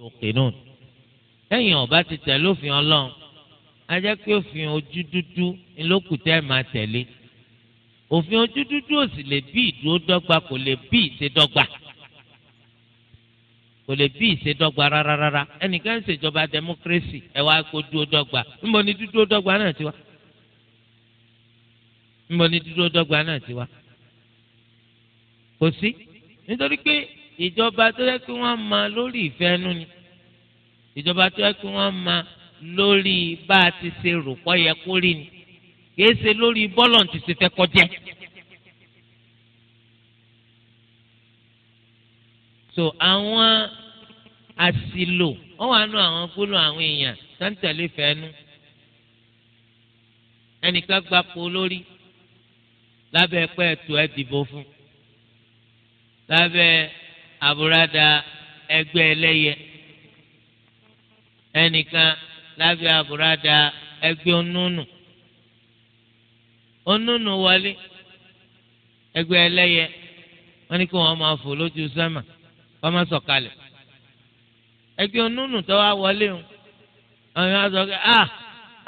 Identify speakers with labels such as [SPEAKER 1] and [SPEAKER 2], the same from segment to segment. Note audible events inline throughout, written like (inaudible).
[SPEAKER 1] yuqinun ẹ̀yin ọba ti tẹ̀lé òfin ọlọ́run ajẹ́ pé òfin ojú dúdú ńlọ́kù tẹ́ ẹ̀ máa tẹ̀lé òfin ojú dúdú ò sì lè bí ìdúró dọ́gba kò lè bí ìṣedọ́gba kò lè bí ìṣedọ́gba rárá rárá ẹnìkan ń ṣèjọba democracy ẹ wá kó dúró dọ́gba níbo ni dúdúró dọ́gba náà ti wá níbo ni dúdúró dọ́gba náà ti wá kò sí nítorí pé ìjọba tó yẹ kí wọ́n máa lórí ìfẹ́nu ni ìjọba tó yẹ kí wọ́n máa lórí bá a ti ṣe rò pọ́ yẹ kó rí ni kìí ṣe lórí bọ́lọ̀ ti ṣe fẹ́ kọjá. so àwọn àṣìlò wọ́n wà nù àwọn gbólóhùn àwọn èèyàn tó ń tẹ̀lé fẹ́nu ẹnìkan gbapò lórí lábẹ́ pẹ́ ẹ̀ dìbò fún lábẹ́ àbúradà ẹgbẹ́ ẹlẹ́yẹ ẹnìkan lábẹ́ àbúradà ẹgbẹ́ onúnù onúnù wọlé ẹgbẹ́ ẹlẹ́yẹ wọn ní kí wọn máa fò lójú sẹ́mà wọ́n máa sọ̀kalẹ̀ ẹgbẹ́ onúnù tó wá wọlé o ah,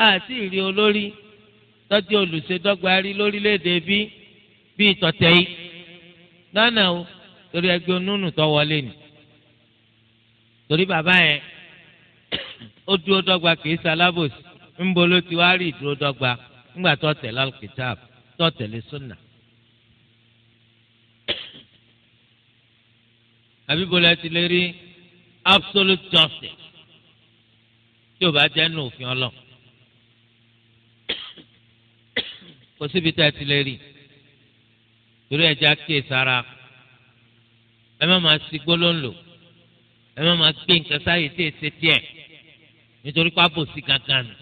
[SPEAKER 1] a ti olórí tọ́jú olùṣèdọ́gba rí lórílẹ̀‐èdè bí yìí lọ́nà o. torí ẹgbẹ́ onúnù tó wọlé ni torí bàbá yẹn ó dúró dọ́gba kìí sálábòsì ń bo ló ti wá rí ìdúró dọ́gba ńgbà tó tẹ̀lé alkitab tó tẹ̀lé sunna. àbíbọ̀lá ti lè rí absolute justice tí ò bá jẹ́ nù òfin ọlọ́run kò síbi tá a ti lè rí torí ẹ̀jẹ̀ á kíyè sára ẹ má máa si gbólóhùn lò ẹ má máa gbé nǹkan sáyè tí èsì tiẹ̀ nítorí pábò sí gangan nù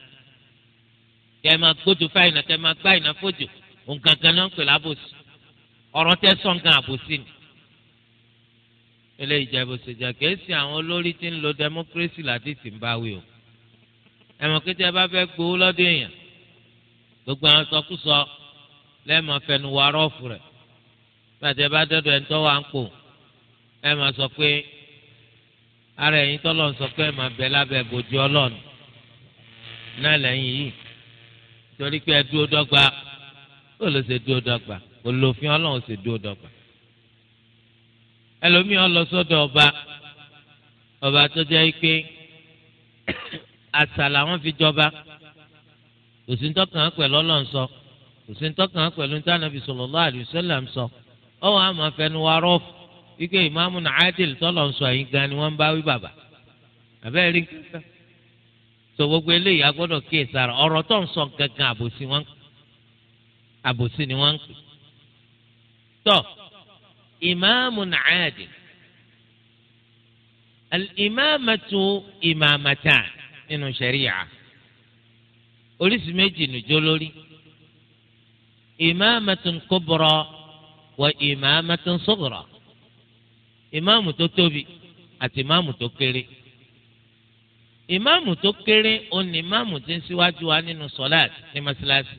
[SPEAKER 1] kẹ máa gbójú fáìnà kẹ máa gbá ìná fòjò òǹgangan náà ń pè lábòsí ọ̀rọ̀ tẹ sọ̀ǹgàn àbòsí ni. eléyìí jẹ́ bòsí jà kèésì àwọn olórí tí ń lo democracy láti tì ń bá wí o. ẹ̀wọ̀n kí tí ẹ bá fẹ́ gbowó lọ́dún èèyàn gbogbo àwọn sọkúsọ lẹ́ẹ̀mọ́ fẹnu wa rọ́ọ̀fù rẹ̀ gbàtẹ́ bá dọ́dọ̀ ẹ̀ ń tọ́wọ́ à ń pò ẹ máa sọ pé ara ẹ̀yin tọ́lọ̀ ń sọ pé ẹ máa bẹ lábẹ́ bòjú ọlọ́run náà lẹ́yìn yìí torí pé ẹ dúró dọ́gba ó lọ ṣe dúró dọ́gba olùfin ọlọ́run ṣe dúró dọ́gba ẹlòmíràn lọ sọ́dọ̀ ọba ọba tó jẹ́ pé àṣà làwọn fi jọba kò sí pẹ̀lú ọlọ́run sọ kò sí pẹ̀lú ntánàbì sallallahu sọ ọwọ́ àmọ́ fẹnu wa rọ́ọ̀fù ike ìmáàmù nàádìl tọ́lọ̀ ń sọ yín gan ni wọ́n ń bá wí bàbá àbẹ́ rí kankan tó gbogbo eléyìí agbọ́dọ̀ kíyè sára ọ̀rọ̀ tó ń sọ gangan àbòsí wọn àbòsí ni wọ́n ń pè tọ́ ìmáàmù nàádìl al-imamatu imamatan nínú sẹ̀ríyà oríṣi méjì nìjó lórí imamatun kubra wa imamatun sughra ìmáàmù tó tóbi àti ìmáàmù tó kéré ìmáàmù tó kéré òní ìmáàmù tí ń síwájú wa nínú sọláàt ní mọ́sálásí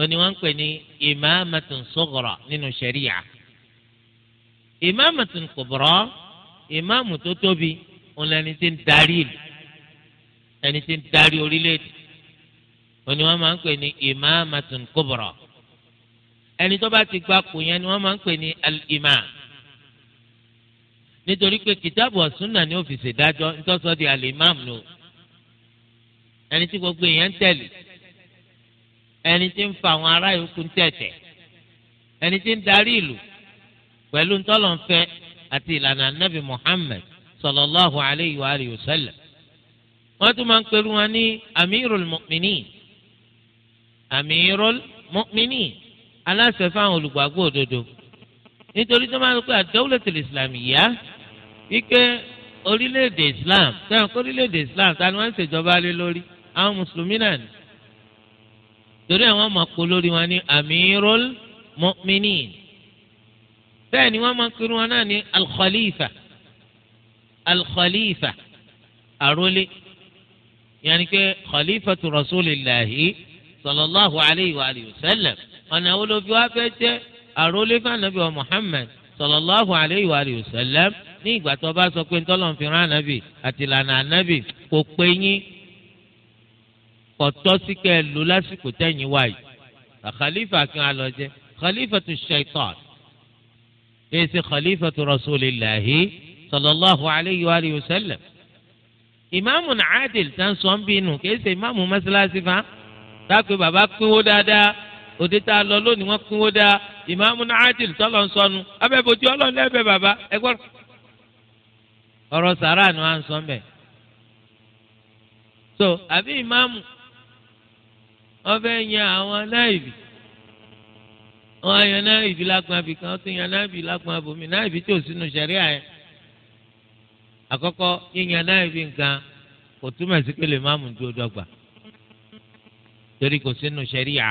[SPEAKER 1] òní wọ́n ń pè ní ìmáàmàtún sọ̀gọ̀rọ̀ nínú sẹ̀ríyà ìmáàmàtún kùbọ̀rọ̀ ìmáàmù tó tóbi òun lẹni tí ń darí ẹni tí ń darí orílẹ̀-èdè òní wọ́n máa ń pè ní ìmáàmàtún kùbọ̀rọ̀ ẹni tó bá ti gbapò yẹn ni wọ́n máa ń pè ní al nítorí pé kìtàbù ọ̀sùnà ni ó fi ṣèdájọ́ nítòsọ́ di alimam nù ẹni tí gbogbo èèyàn ń tẹ̀lé ẹni tí ń fa àwọn ará yòókù ń tẹ̀tẹ̀ ẹni tí ń darí ìlú pẹ̀lú ntọ́lọ́nfẹ́ àti ìlànà nabi Muhammad sallallahu alayhi wa alihi wa sallam wọ́n tún máa ń pẹ̀lú wọn ní amirul mu'minin amirul mu'minin aláṣẹ fáwọn olùgbàgbọ́ òdodo nítorí tó máa ń pẹ́ àdawlatul islamiyya wípé orílẹ̀-èdè Islam sẹ́wọ̀n kó orílẹ̀-èdè Islam ta ni wọ́n ń ṣèjọba lé lórí àwọn mùsùlùmí náà ni torí àwọn máa pọ̀ lórí wọn ní amirul mu'minin bẹ́ẹ̀ ni wọ́n máa kiri wọn náà ní al-khalifa al-khalifa àrólé yẹn ni pé khalifatu sallallahu alayhi wa alihi wa sallam ọ̀nà wo ló fẹ́ jẹ́ àrólé fún anabi wa Muhammad sallallahu alayhi wa alihi wa sallam ní ìgbà tó bá sọ pé ntọ́lọ́n fi rán ànábì àti ìlànà ànábì kò pé yín kọ̀tọ́ sí kẹ́ ẹ lò lásìkò tẹ̀yìn wáyé khalifa kí wọn lọ jẹ khalifa tu shaitan èsì khalifa tu rasulillahi sallallahu alayhi wa alihi wa sallam ìmáàmù nàádìl tán sọ ń bínú kèsì ìmáàmù mọ́sálásí fa dákùn bàbá pínwó dáadáa òde tá a lọ lónìí wọn pínwó dáa ìmáàmù nàádìl tọ́lọ̀ ń sọnu abẹ́ bojú ọlọ́ọ̀lẹ́bẹ̀ bàbá ẹgbọ́n ọ̀rọ̀ sàrà ni wọ́n sọ mbẹ́. so àbí ìmáàmù wọ́n fẹ́ yan àwọn náìbì wọ́n á yan náìbì lágbọ́n abì kan wọ́n tún yan náìbì lágbọ́n abòmí náìbì tí ò sínú sẹ̀ríà yẹn. àkọ́kọ́ yíyan náìbì nǹkan kò túmọ̀ sí pé lè máàmù dúró dọ́gba torí kò sínú sẹ̀ríà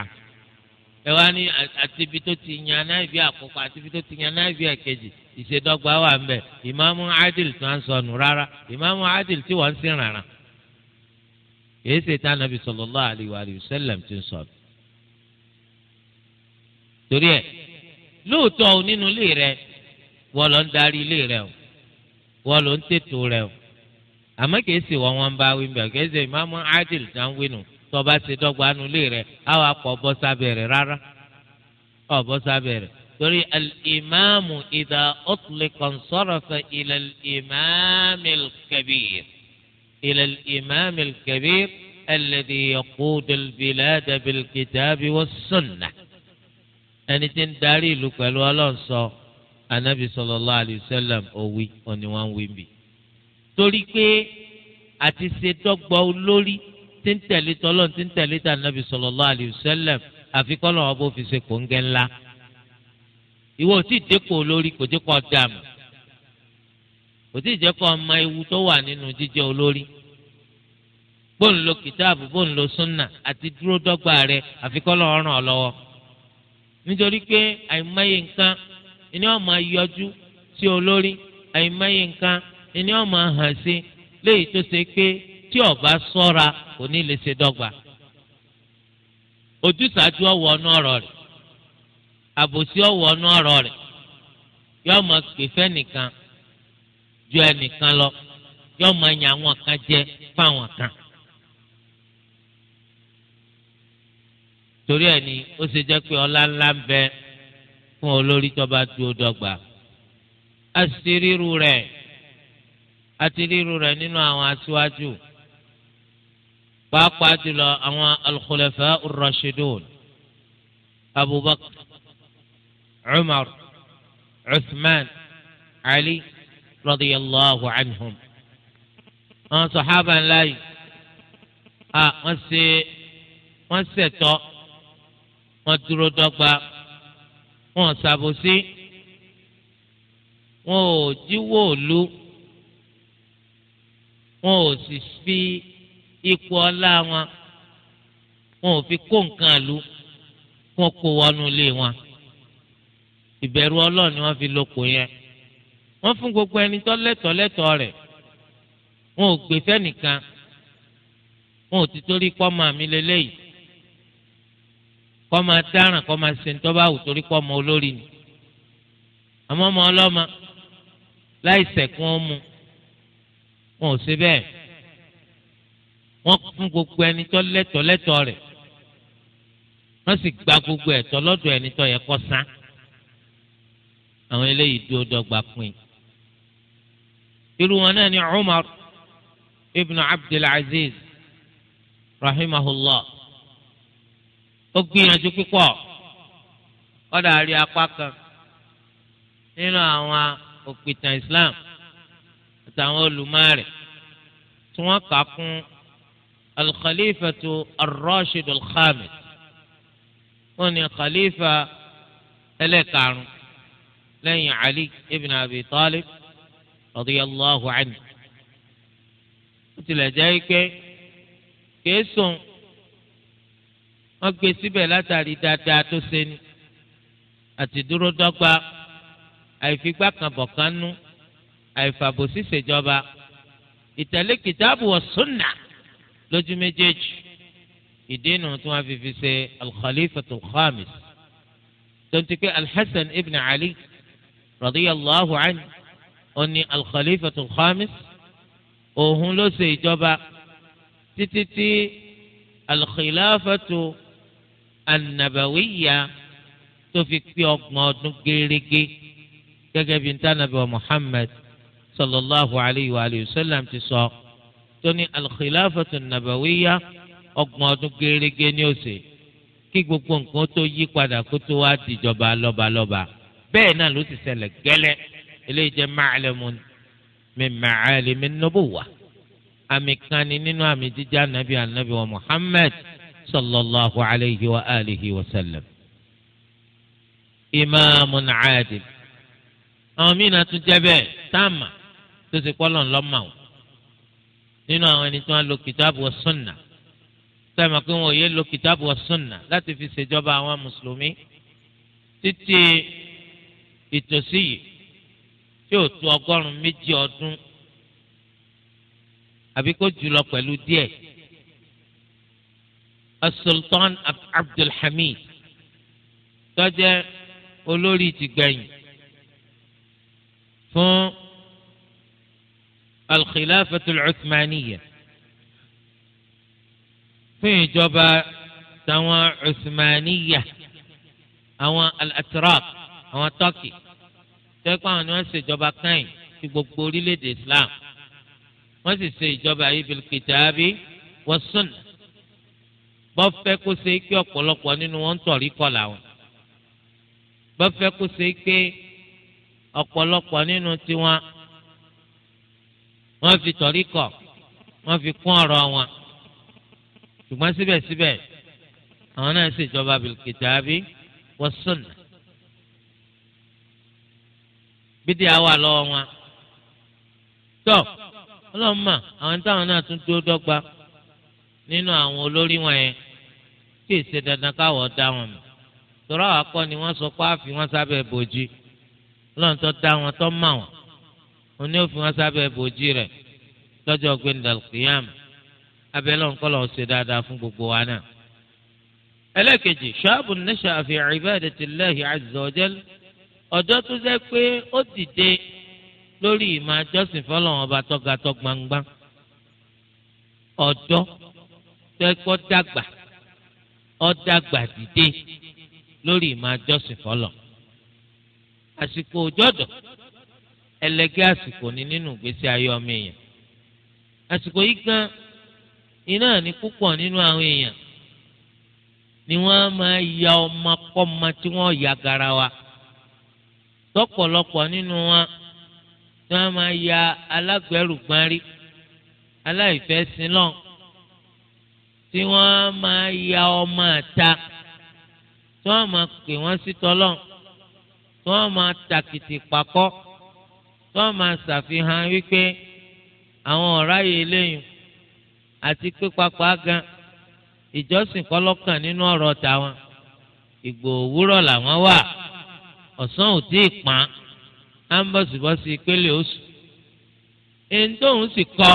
[SPEAKER 1] ẹ wá ní àti ibi tó ti yan náírà àkọ́kọ́ àti ibi tó ti yan náírà kejì ìṣèdọ́gba wà ń bẹ ìmáàmù adil tó ń sọnù rárá ìmáàmù adil tí wọ́n ń sìn rárá ṣe tá nàbì sallallahu alaihi wa alihi wasallam ti ń sọnù. torí ẹ lóòótọ́ o nínú ilé rẹ wọ́n lọ ń darí ilé rẹ o wọ́n lọ ń tètò rẹ o àmọ́ kìí ṣe wọ́n wọ́n ń bá wí bẹ̀ kìí ṣe ìmáàmù adil tó ń wí nù tọba ṣe dọ́gba nulẹ̀ rẹ̀ àwọn akọ̀ bọ́ sábẹ́ rẹ̀ rárá ọ̀ bọ́ sábẹ́ rẹ̀ torí al-imaamu idà ọ̀tùlẹ̀kọ̀ sọ̀rọ̀fẹ̀ ilẹ̀ al-imaami al-kabir ilẹ̀ al-imaami al-kabir alẹ́dí yaqudul bilada bilkitaabi wa sunna ẹni tí ń darí ìlú pẹ̀lú ọlọ́nsọ anabi sallallahu alayhi òwi òní wọn wí bì torí pé àti ṣe dọ́gba olórí. tí ń tẹ̀lé Tọ́lọ́n ti ń tẹ̀lé tà nàbì sallallahu alayhi wa àfi kọ́ lọ́wọ́ bó fi ṣe kòńgẹ́ ńlá ìwọ tí ì dẹ́kọ̀ olórí kò dé kọ́ dààmú kò tí ì jẹ́ kọ́ ọmọ ewu tó wà nínú jíjẹ́ olórí bóun lo kìtáàbù lo súnà àti dúró dọ́gba rẹ àfi kọ́ lọ́wọ́ ràn ọ́ lọ́wọ́ nítorí pé àìmọye nǹkan ni wọ́n máa yọjú sí olórí àìmọye nǹkan ni wọ́n máa hàn sí léyìí tó ṣe pé tí kò ní lè ṣe dọ́gba ojúsàájú ọ̀wọ́ ọ̀nà ọ̀rọ̀ rẹ̀ àbòsí ọ̀wọ́ ọ̀nà ọ̀rọ̀ rẹ̀ yóò máa pè fẹ́ nìkan ju ẹnìkan lọ yóò máa yan àwọn kan jẹ fáwọn kan. torí ẹ̀ ni ó ṣe jẹ́ pé ọlá ńlá ń bẹ fún olórí tọba dúró dọ́gba àti ríru rẹ̀ àti ríru rẹ̀ nínú àwọn aṣíwájú pàápàá jùlọ àwọn alkhulafa ar-rashidun abubakar umar usman ali radiyallahu anhum àwọn sọ̀hábà ńlá yìí a wọ́n ṣe wọ́n ṣẹ̀tọ́ wọ́n dúró dọ́gba wọ́n ṣàbòsí wọ́n ò jíwó òlu ò sì fi ipò ọlá wọn wọn ò fi kó nǹkan àlù wọn kó wọnú ilé wọn ìbẹ̀rù ọlọ́run ni wọ́n fi lóko yẹn wọ́n fún gbogbo ẹni tó lẹ́tọ̀ọ́ lẹ́tọ̀ọ́ rẹ̀ wọn ò gbé fẹ́nìkan wọn ò ti torí pọ́mọ àmì lélẹ́yìí kọ́ máa dáràn kọ́ máa ṣe nítorí báwò torí pọ́mọ olórí ni àmọ́ ọmọ ọlọ́mọ láì sẹ̀kún ó mu wọn ò ṣe bẹ́ẹ̀. wọ́n fún gbogbo ẹni tó lẹ́tọ̀ lẹ́tọ̀ rẹ̀ wọ́n sì gba gbogbo ẹtọ lọ́dọ̀ ẹni tó yẹ kó san àwọn eléyìí dúró dọ́gba pín irú wọn náà ni Umar ibn Abdul Aziz rahimahullah ó gbìyànjú pípọ̀ ọ̀dà rí apá kan nínú àwọn òpìtàn Islam àtàwọn olùmọ̀ rẹ̀ tí wọn kà á kún الخليفة الراشد الخامس وني خليفة إليك عنه لين علي ابن أبي طالب رضي الله عنه قتل جايك كيسون ọgbẹ síbẹ̀ látàrí dáadáa tó ṣeni àti dúró dọ́gba àìfigbá kan bọ̀kan nú àìfàbòsí ṣèjọba ìtẹ̀lé kìtàbù wa sunnah lójú méjèèjì ìdínà tí wọ́n fi fi ṣe al-khalifatul khamis tonti pé alḥasan ibn ali radiyallahu anhu oní al-khalifatul khamis òhun ló ṣe ìjọba títí tí al-khilafatu an-nabawiyya tó fi pé ọgbọ̀n ọdún gérégé gẹ́gẹ́ bí ntànàbẹ̀ muhammad sallallahu alayhi wa sallam ti sọ. So tó ní al-khilafatu nabawiyya ọgbọ̀n ọdún gẹ́gẹ́ ní ọ̀sẹ̀ kí gbogbo nǹkan tó yí padà kó tó wá dìjọba lọ́balọ́ba bẹ́ẹ̀ náà ló ti ṣẹlẹ̀ gẹ́lẹ́ eléyìí jẹ́ ma'lamun min ma'alimi nubuwa àmì kan ni nínú àmì jíjẹ́ anabi anabi wa muhammad sallallahu alayhi wa alihi wa sallam imaamun adil àwọn mìíràn tún jẹ́ bẹ́ẹ̀ táàmà tó ti kọ́ lọ́nlọ́mà o nínú àwọn ẹni tí wọ́n lo kìtàbù wa sunna sẹ́mi pé wọn ò yé lo kìtàbù wa sunna láti fi ṣèjọba àwọn mùsùlùmí títí ìtòsí yìí tí ò tó ọgọ́rùn méjì ọdún àbí kó jùlọ pẹ̀lú díẹ̀ asultan abdulhamid tó jẹ́ olórí tìgbẹ̀yìn fún alkhilafatul uthmaniyya fún ìjọba táwọn uthmaniyya àwọn al-atraq àwọn turkey tẹ́kọ̀ àwọn ni wọ́n ṣe ìjọba káyìn ti gbogbo orílẹ̀-èdè islam wọ́n sì ṣe ìjọba yìí bil kitabi was sunnah bọ́ fẹ́ kó ṣe pé ọ̀pọ̀lọpọ̀ nínú wọn ń tọ̀rí kọ́ làwọn bọ́ fẹ́ kó ṣe pé ọ̀pọ̀lọpọ̀ nínú tiwọn wọ́n fi tọ̀rí kọ̀ wọ́n fi kún ọ̀rọ̀ wọn ṣùgbọ́n síbẹ̀síbẹ̀ àwọn náà ṣèjọba bilkitaabi wa sunna bídìí àwa lọ́wọ́ wọn tọ́ ọlọ́mọ àwọn táwọn náà tún dúró dọ́gba nínú àwọn olórí wọn yẹn kí èsè dandan káwọ̀ dá wọn mọ̀ tọ́lá àkọ́ ni wọ́n sọ pé àfi wọ́n sábẹ́ bòjì lọ́nà tó dá wọn tó mà wọ́n oní òfin wọn sábẹ́ bòjì rẹ̀ lọ́jọ́ gbẹndàl kìyàm abẹlẹ ńkọlọ ṣe dáadáa fún gbogbo wa náà. ẹlẹ́kejì ṣáàbù nẹ́ṣà àfi ibadatillahi azza wa jal ọ̀dọ́ tó jẹ́ pé ó dìde lórí ìmọ̀ àjọsìn fọlọ́wọn ọba tọ́gatọ́ gbangba ọ̀dọ́ tẹ́kọ́ dàgbà ọ̀dàgbà dìde lórí ìmọ̀ àjọsìn fọlọ́ àsìkò òjọ́dọ̀ ẹlẹgẹ́ àsìkò ni nínú ìgbésí ayé ọmọ èèyàn àsìkò yìí gan iná ní púpọ̀ nínú àwọn èèyàn ni wọ́n máa ya ọmọ kọ́mọ tí wọ́n ya gara wa tọ́pọ̀lọpọ̀ nínú wọn tí wọ́n máa ya alágbẹ̀rùgbárí aláìfẹ́ sílọ̀n tí wọ́n máa ya ọmọ àta tí wọ́n máa pè wọ́n sí tọ́lọ́n tí wọ́n máa tàkìtì pàkọ́ tó máa ṣàfihàn wípé àwọn ọ̀rá yìí léyìn àti pé papà gan ìjọsìn kọlọ́kàn nínú ọ̀rọ̀ tàwọn ìgbò òwúrọ̀ làwọn wà ọ̀sán ò tí ì pọ́n á ń bọ̀sibọ́sí ìpele oṣù èyí tóun sì kọ́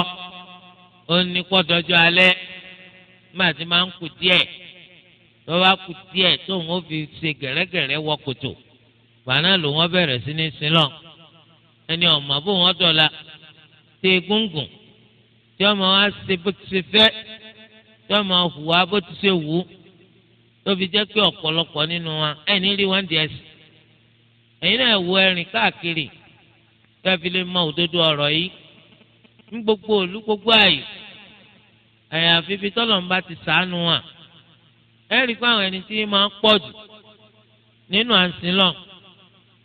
[SPEAKER 1] ó ní pọ́dọ́jọ́ alẹ́ máa ti máa ń kù díẹ̀ tó bá kù díẹ̀ tóun ó fi ṣe gẹ̀rẹ́gẹ̀rẹ́ wọ kòtò gbàná ló wọ́n bẹ̀rẹ̀ sí ní sílọ̀ ẹni ọmọ bó wọn dọ̀la ṣe gúngùn tí ọmọ wa ṣe bó ti ṣe fẹ́ tí ọmọ hùwà bó ti ṣe wù ú tó fi pé ọ̀pọ̀lọpọ̀ nínú wa ẹni rí wọn díẹ̀ sí ẹ̀yin náà wo ẹ̀rìn káàkiri fẹ́ fi lè mọ òdodo ọ̀rọ̀ yìí ní gbogbo òlu gbogbo àyè àyàfi fi tọ́lọ̀mùbá ti sàánú wa ẹ rí àwọn ẹni tí máa ń jù nínú àǹsìn lọ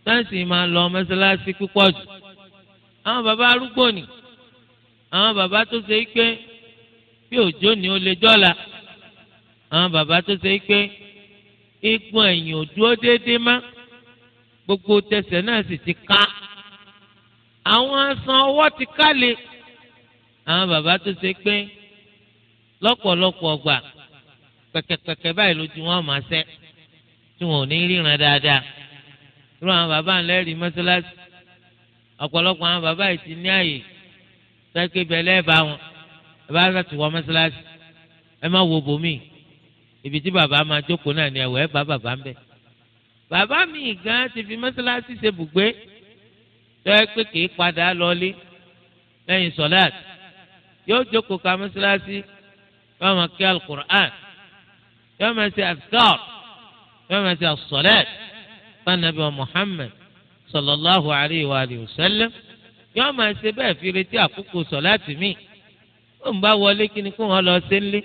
[SPEAKER 1] sáǹsì máa lọ mọ́sálásí púpọ̀ jù àwọn bàbá arúgbó ni àwọn bàbá tó ṣe pé bí òjò ni ó lè jọ́la àwọn bàbá tó ṣe pé igun ẹ̀yìn ò dúró déédéé má gbogbo tẹsẹ̀ náà sì ti ká àwọn asan ọwọ́ ti ká le àwọn bàbá tó ṣe pé lọ́pọ̀lọpọ̀ ọgbà kẹ̀kẹ̀kẹ̀kẹ̀ báyìí lójú wọn máa ṣẹ́ tí wọn ò ní ríran dáadáa irú àwọn bàbá ńlẹ́rìí mọ́ṣáláṣí ọ̀pọ̀lọpọ̀ àwọn bàbá yìí ti ní àyè sẹ́kẹ́ bẹ̀lẹ́ bá wọn ẹ bá sàtì wọ mọ́sálásí ẹ má wo bòmí ibi tí bàbá máa jókòó náà ni ẹ̀wọ̀ ẹ bá bàbá ń bẹ̀. bàbá mi gan ti fi mọ́sálásí ṣe bùgbé tó kì í padà lọlé lẹ́yìn sọ́láàtì yóò jókòó ka mọ́sálásí yóò máa kí alukur'an yóò máa ṣe azkar yóò máa ṣe asọ́láàtì fún anabi wa Muhammad sallallahu alayhi wa sallam yóò máa ṣe bẹ́ẹ̀ fi retí àkókò sọ̀láàtì mi ó ń bá wọlé kí ni kó wọn lọ sí nílé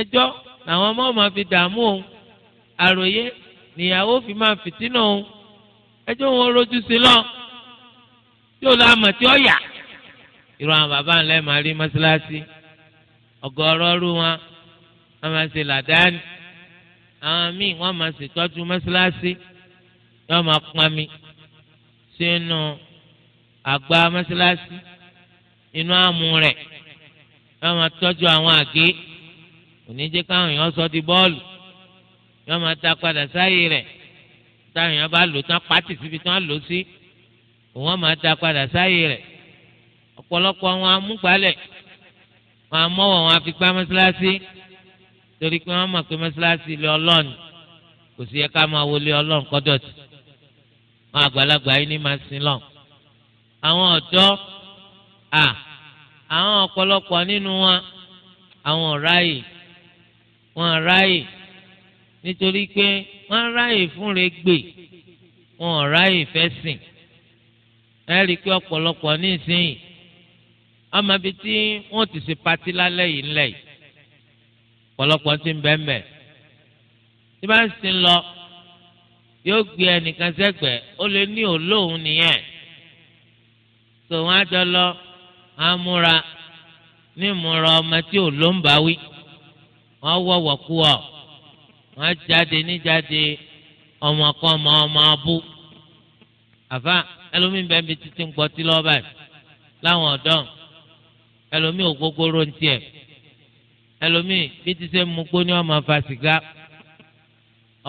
[SPEAKER 1] ẹjọ́ làwọn ọmọ máa fi dààmú òun àròyé nìyàwó fi máa fìtínà òun ẹjọ́ wọn rojú sí lọ yóò lọ àmọ̀ tí ó yà irú àwọn bàbá ńlẹ̀ máa rí mọ́ṣáláṣí ọ̀gọ̀ọ̀rọ̀ rú wọn wọ́n máa ṣe làdáni àwọn míì wọ́n máa ṣètọ́jú mọ́ṣáláṣí yóò máa pọn mi sínú àgbá mọ́sálásí inú àmú rẹ̀ yóò máa tọ́jú àwọn àgé òní jẹ́ káwọn èèyàn sọ di bọ́ọ̀lù yóò máa ta padà sáyé rẹ̀ táwọn èèyàn bá lò tán pátì síbi tán lò sí òun máa ta padà sáyé rẹ̀ ọ̀pọ̀lọpọ̀ wọn amúgbálẹ̀ wọn amọ́wọ̀ wọn afi gbá mọ́sálásí torí pé wọ́n mọ̀ pé mọ́sálásí lé ọlọ́ọ̀ni kò sí yẹ ká máa wọlé ọlọ́ọ̀ni kọ́dọ̀tì àwọn àgbàlagbà yìí ní máa sin lọ àwọn ọ̀dọ́ à àwọn ọ̀pọ̀lọpọ̀ nínú wọn àwọn ọ̀ráyè wọn ọ̀ráyè nítorí pé wọn ráyè fúnre gbè wọn ọ̀ráyè fẹ́ sìn ẹ rí i pé ọ̀pọ̀lọpọ̀ ní ìsinyìí ọmọ ibi tí wọn ti ṣe patí lálẹ́ yìí ńlẹ̀ yìí ọ̀pọ̀lọpọ̀ ti ń bẹ́ẹ̀ mẹ́ẹ̀ tí bá ń sin lọ yóò gbé ẹnìkan sẹ́gbẹ̀ẹ́ ó lè ní olóhùn nìyẹn tó wọn á jọ lọ amúra ní ìmúra ọmọ tí ò ló ń bá wí wọn wọwọ kú ọ wọn jáde níjáde ọmọ kan ọmọ ọmọ abú àfa ẹlòmíín bẹ́ẹ̀ bí títí ń gbọ́tí lọ́wọ́ báyìí láwọn ọ̀dọ́ ẹlòmíín ògógóró ń tiẹ̀ ẹlòmíín bí títí ń mugbó ní ọmọ fa sìgá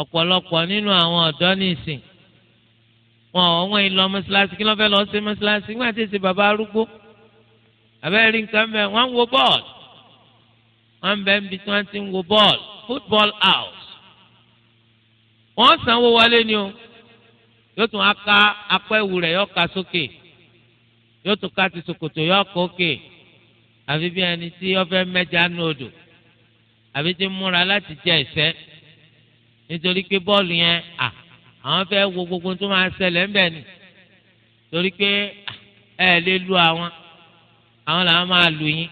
[SPEAKER 1] ọ̀pọ̀lọpọ̀ nínú àwọn ọ̀dọ́ nìsín wọn àwọn ìlọ mọ́ṣáláṣí kí wọ́n fẹ́ lọ sí mọ́ṣáláṣí wọ́n àti ṣe bàbá arúgbó abẹ́rẹ́ nǹkan mẹ́ wọ́n ń wo bọ́ọ̀lù wọ́n ń bẹ́ ń bi tí wọ́n ti ń wo bọ́ọ̀lù football house wọ́n sanwó wọlé ni o yóò tún aka akọ ẹ̀wù rẹ̀ yọ ká sókè yóò tún ká ti ṣòkòtò yọ kó òkè àfi bí ẹni tí wọ́n fẹ́ mẹ́ja nù odò àfi ti múra láti jẹ ìṣẹ́ nítorí pé bọ́ọ̀lù yẹn à àwọn fẹ́ wo gbogbo tó máa ṣẹlẹ̀ ńbẹ̀ ni torí pé ẹ lè lu àwọn àwọn làwọn máa lù yín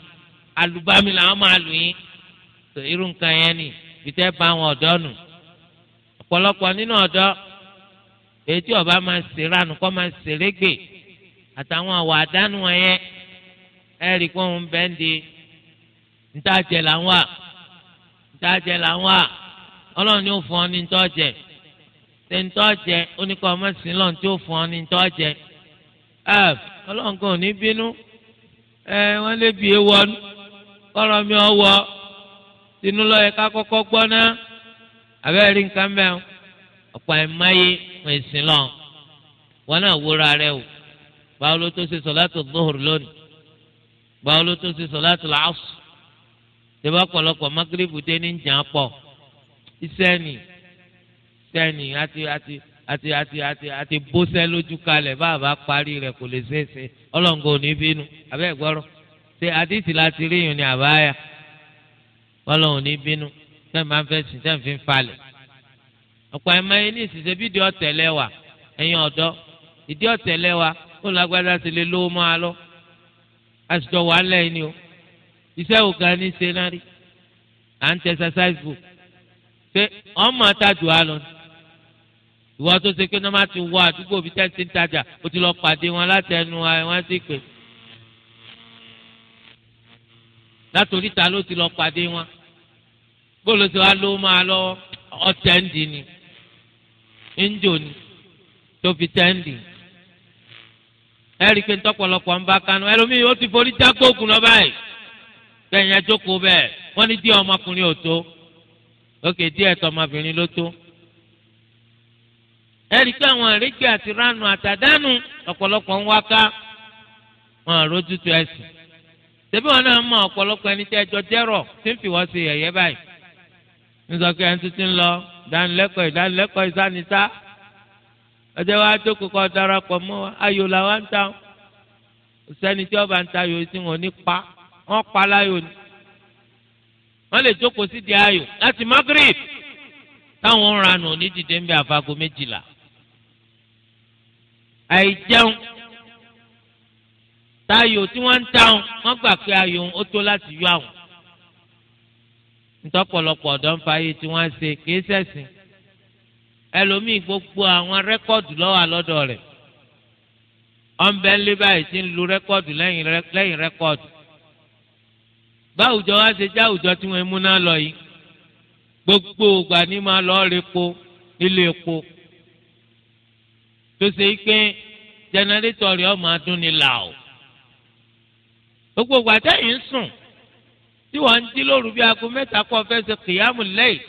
[SPEAKER 1] alùbami làwọn máa lù yín tó irú nǹkan yẹn ni bìtẹ́ bá àwọn ọ̀dọ́ nù ọ̀pọ̀lọpọ̀ nínú ọ̀dọ́ èyí tí ọba máa ṣèrànù kọ́ máa ṣèrégbè àtàwọn àwọ̀ àdánù wọn yẹn ẹ rí i pé òun bẹ́ẹ̀ ń di ntájẹ làwọn à ntájẹ làwọn à. ọlọ́run ni ó fún ọ ní jẹ ṣe ọmọ lọ́n tí ó fún ọ ní jẹ ọlọ́run kan ní bínú ẹ wọ́n lé bi ewọ́ kọ́rọ̀ mi ọwọ́ tinú lọ́yẹ ká kọ́kọ́ abẹ́rẹ́ nǹkan ọ̀pọ̀ wọn náà wúra rẹ o báwo tó ṣe lónìí báwo tó ṣe làásù magrebu dé ní iṣẹ́ nì iṣẹ́ nì ati ati ati ati àti àti bóṣẹ́ lójú kalẹ̀ bàbá parí rẹ̀ kò lè ṣeé ṣe ọlọ́ngàn ò ní bínú abẹ́ ìgbọ́rọ̀ ṣe àdìsí láti rí ìyọ̀ni àbáyà ọlọ́run ní bínú tẹ́ máa ń fẹ́ sìn tẹ́ ń fi ń falẹ̀ ọ̀pọ̀ ẹ̀ma yẹn ní ìsinsẹ́ bí ìdí ọ̀tẹ̀ lẹ́wà ẹ̀yin ọ̀dọ́ ìdí ọ̀tẹ̀ lẹ́wà ó lágbádá sí lè lówó máa lọ àṣìjọ wà lẹ́yìn ni o iṣẹ́ ògá pé ọmọ àtàjù á lọ ìwọ tó ṣe pé nọ́mà ti wọ àdúgbò bíi tẹ́sí ń tajà ó ti lọ pàdé wọn láti ẹnu wọn sì pé látòrí ta ló ti lọ pàdé wọn bóòlù tí wàá ló máa lọ ọtẹ́ǹdì ni ńjò ni tó fi tẹ́ǹdì ẹ̀rí pé ntọ́pọ̀lọpọ̀ ń bá kánú ẹlòmíì ó ti forí jágbóògùn lọ báyìí bẹ́ẹ̀ yẹn jókòó bẹ́ẹ̀ wọ́n ní dí ọmọkùnrin ò tó ókè díẹ̀ tọmọbìnrin ló tó ẹ̀rí pé àwọn àrégbè àti ránù àtàdánù ọ̀pọ̀lọpọ̀ ń wá ká wọn àrójútu ẹ̀sìn tẹ́bí wọn náà mọ ọ̀pọ̀lọpọ̀ ẹni tẹ́ ẹjọ́ jẹ́rọ̀ tí ń fi wọ́n ṣe yẹ̀yẹ́ báyìí nítorí pé ẹni tuntun lọ ìdánilẹ́kọ̀ọ́ ìdánilẹ́kọ̀ọ́ ìsánitá ọjọ́ wa jókòó kọ́ darapọ̀ mọ́ ayò làwọn ń ta sẹ́ni tí ọba ń ta ayò pa wọ́n pa wọ́n lè jókòó sí di ayò láti Maghrib táwọn ń ranù ní dìde ń bẹ àfago méjìlá àìjẹun táyò tí wọ́n ń táwọn wọ́n gbà pé ayò ó tó láti yọ àwọn ntọ́pọ̀lọpọ̀ ọ̀dọ́ ń fààyè tí wọ́n ṣe kìí ṣẹ̀sìn ẹlòmíì gbogbo àwọn rẹ́kọ̀dù lọ́wọ́ àlọ́dọ̀ rẹ̀ ọ̀nbẹ́ńlé báyìí ti ń lu rẹ́kọ̀dù lẹ́yìn rẹ́kọ̀dù báwùjọ wá ṣe jẹ́ àwùjọ tí wọ́n múná lọ yìí gbogbo ìgbà ní máa lọ rí epo nílé epo tó ṣe pé jẹnẹrétọ̀ rẹ̀ ọmọ adún ni là ó gbogbo ìgbà tẹ́yìn ń sùn tí wọ́n ń jí lóru bí aago mẹ́ta kọ́ fẹ́ ṣe kìyàmù lẹ́yìn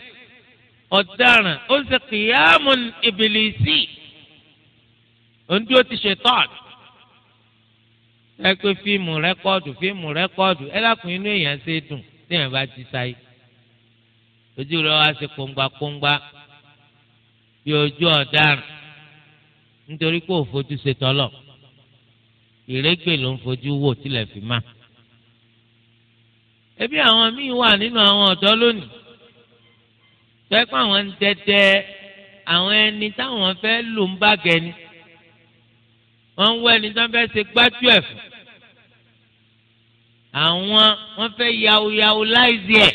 [SPEAKER 1] ọ̀daràn ó ṣe kìyàmù ìbìlì sí i òun dúró ti ṣe tọ́ọ̀tù ẹ pé fíìmù rẹ́kọ́ọ̀dù fíìmù rẹ́kọ́ọ̀dù ẹ lákùn inú èèyàn ṣe dùn tí èèyàn bá ti sáyé ojú rẹ wá sí kóńgbàkóńgbà bí ojú ọ̀daràn nítorí pé òfojú ṣe tọ́lọ̀ ìrégbè ló ń fojú wò tilẹ̀ fi má. ebi àwọn míì wà nínú àwọn ọ̀dọ́ lónìí pẹ́ pé àwọn ń dẹ́dẹ́ àwọn ẹni táwọn fẹ́ lù ń bàgẹ́ ni wọ́n ń wọ ẹni tó ń fẹ́ ṣe gbájú ẹ̀ fún àwọn wọ́n fẹ́ yàwòyàwò láìsí ẹ̀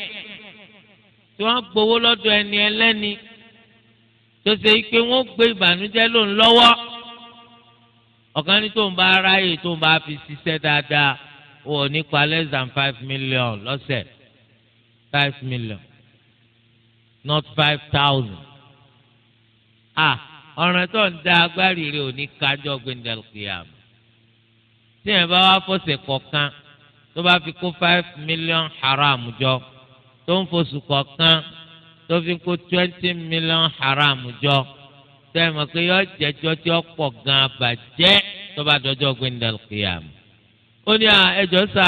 [SPEAKER 1] tí wọ́n gbowó lọ́dọ̀ ẹni ẹlẹ́ni tó ṣe pé wọ́n gbé ìbànújẹ́ lòun lọ́wọ́ ọ̀kan ní tó ń bá aráyè tó ń bá fi ṣiṣẹ́ dáadáa wò ní less than five million lọ́sẹ̀ five million not five thousand ah ọ̀ràn tó ń da agbárí rẹ ò ní kájọ́ gbẹndẹ̀lùkìyàm tí yẹn bá wá fọ̀sẹ̀ kọ̀ọ̀kan tó bá fi kó five million haram jọ tó ń fọṣù kọ̀ọ̀kan tó fi kó twenty million haram jọ sẹ́yìn mọ̀ pé yọ jẹ́jọ́ tí ó pọ̀ gan-an bàjẹ́ tó bá dọjọ́ gbẹndẹ̀lùkìyàm ó ní ẹjọ́ sá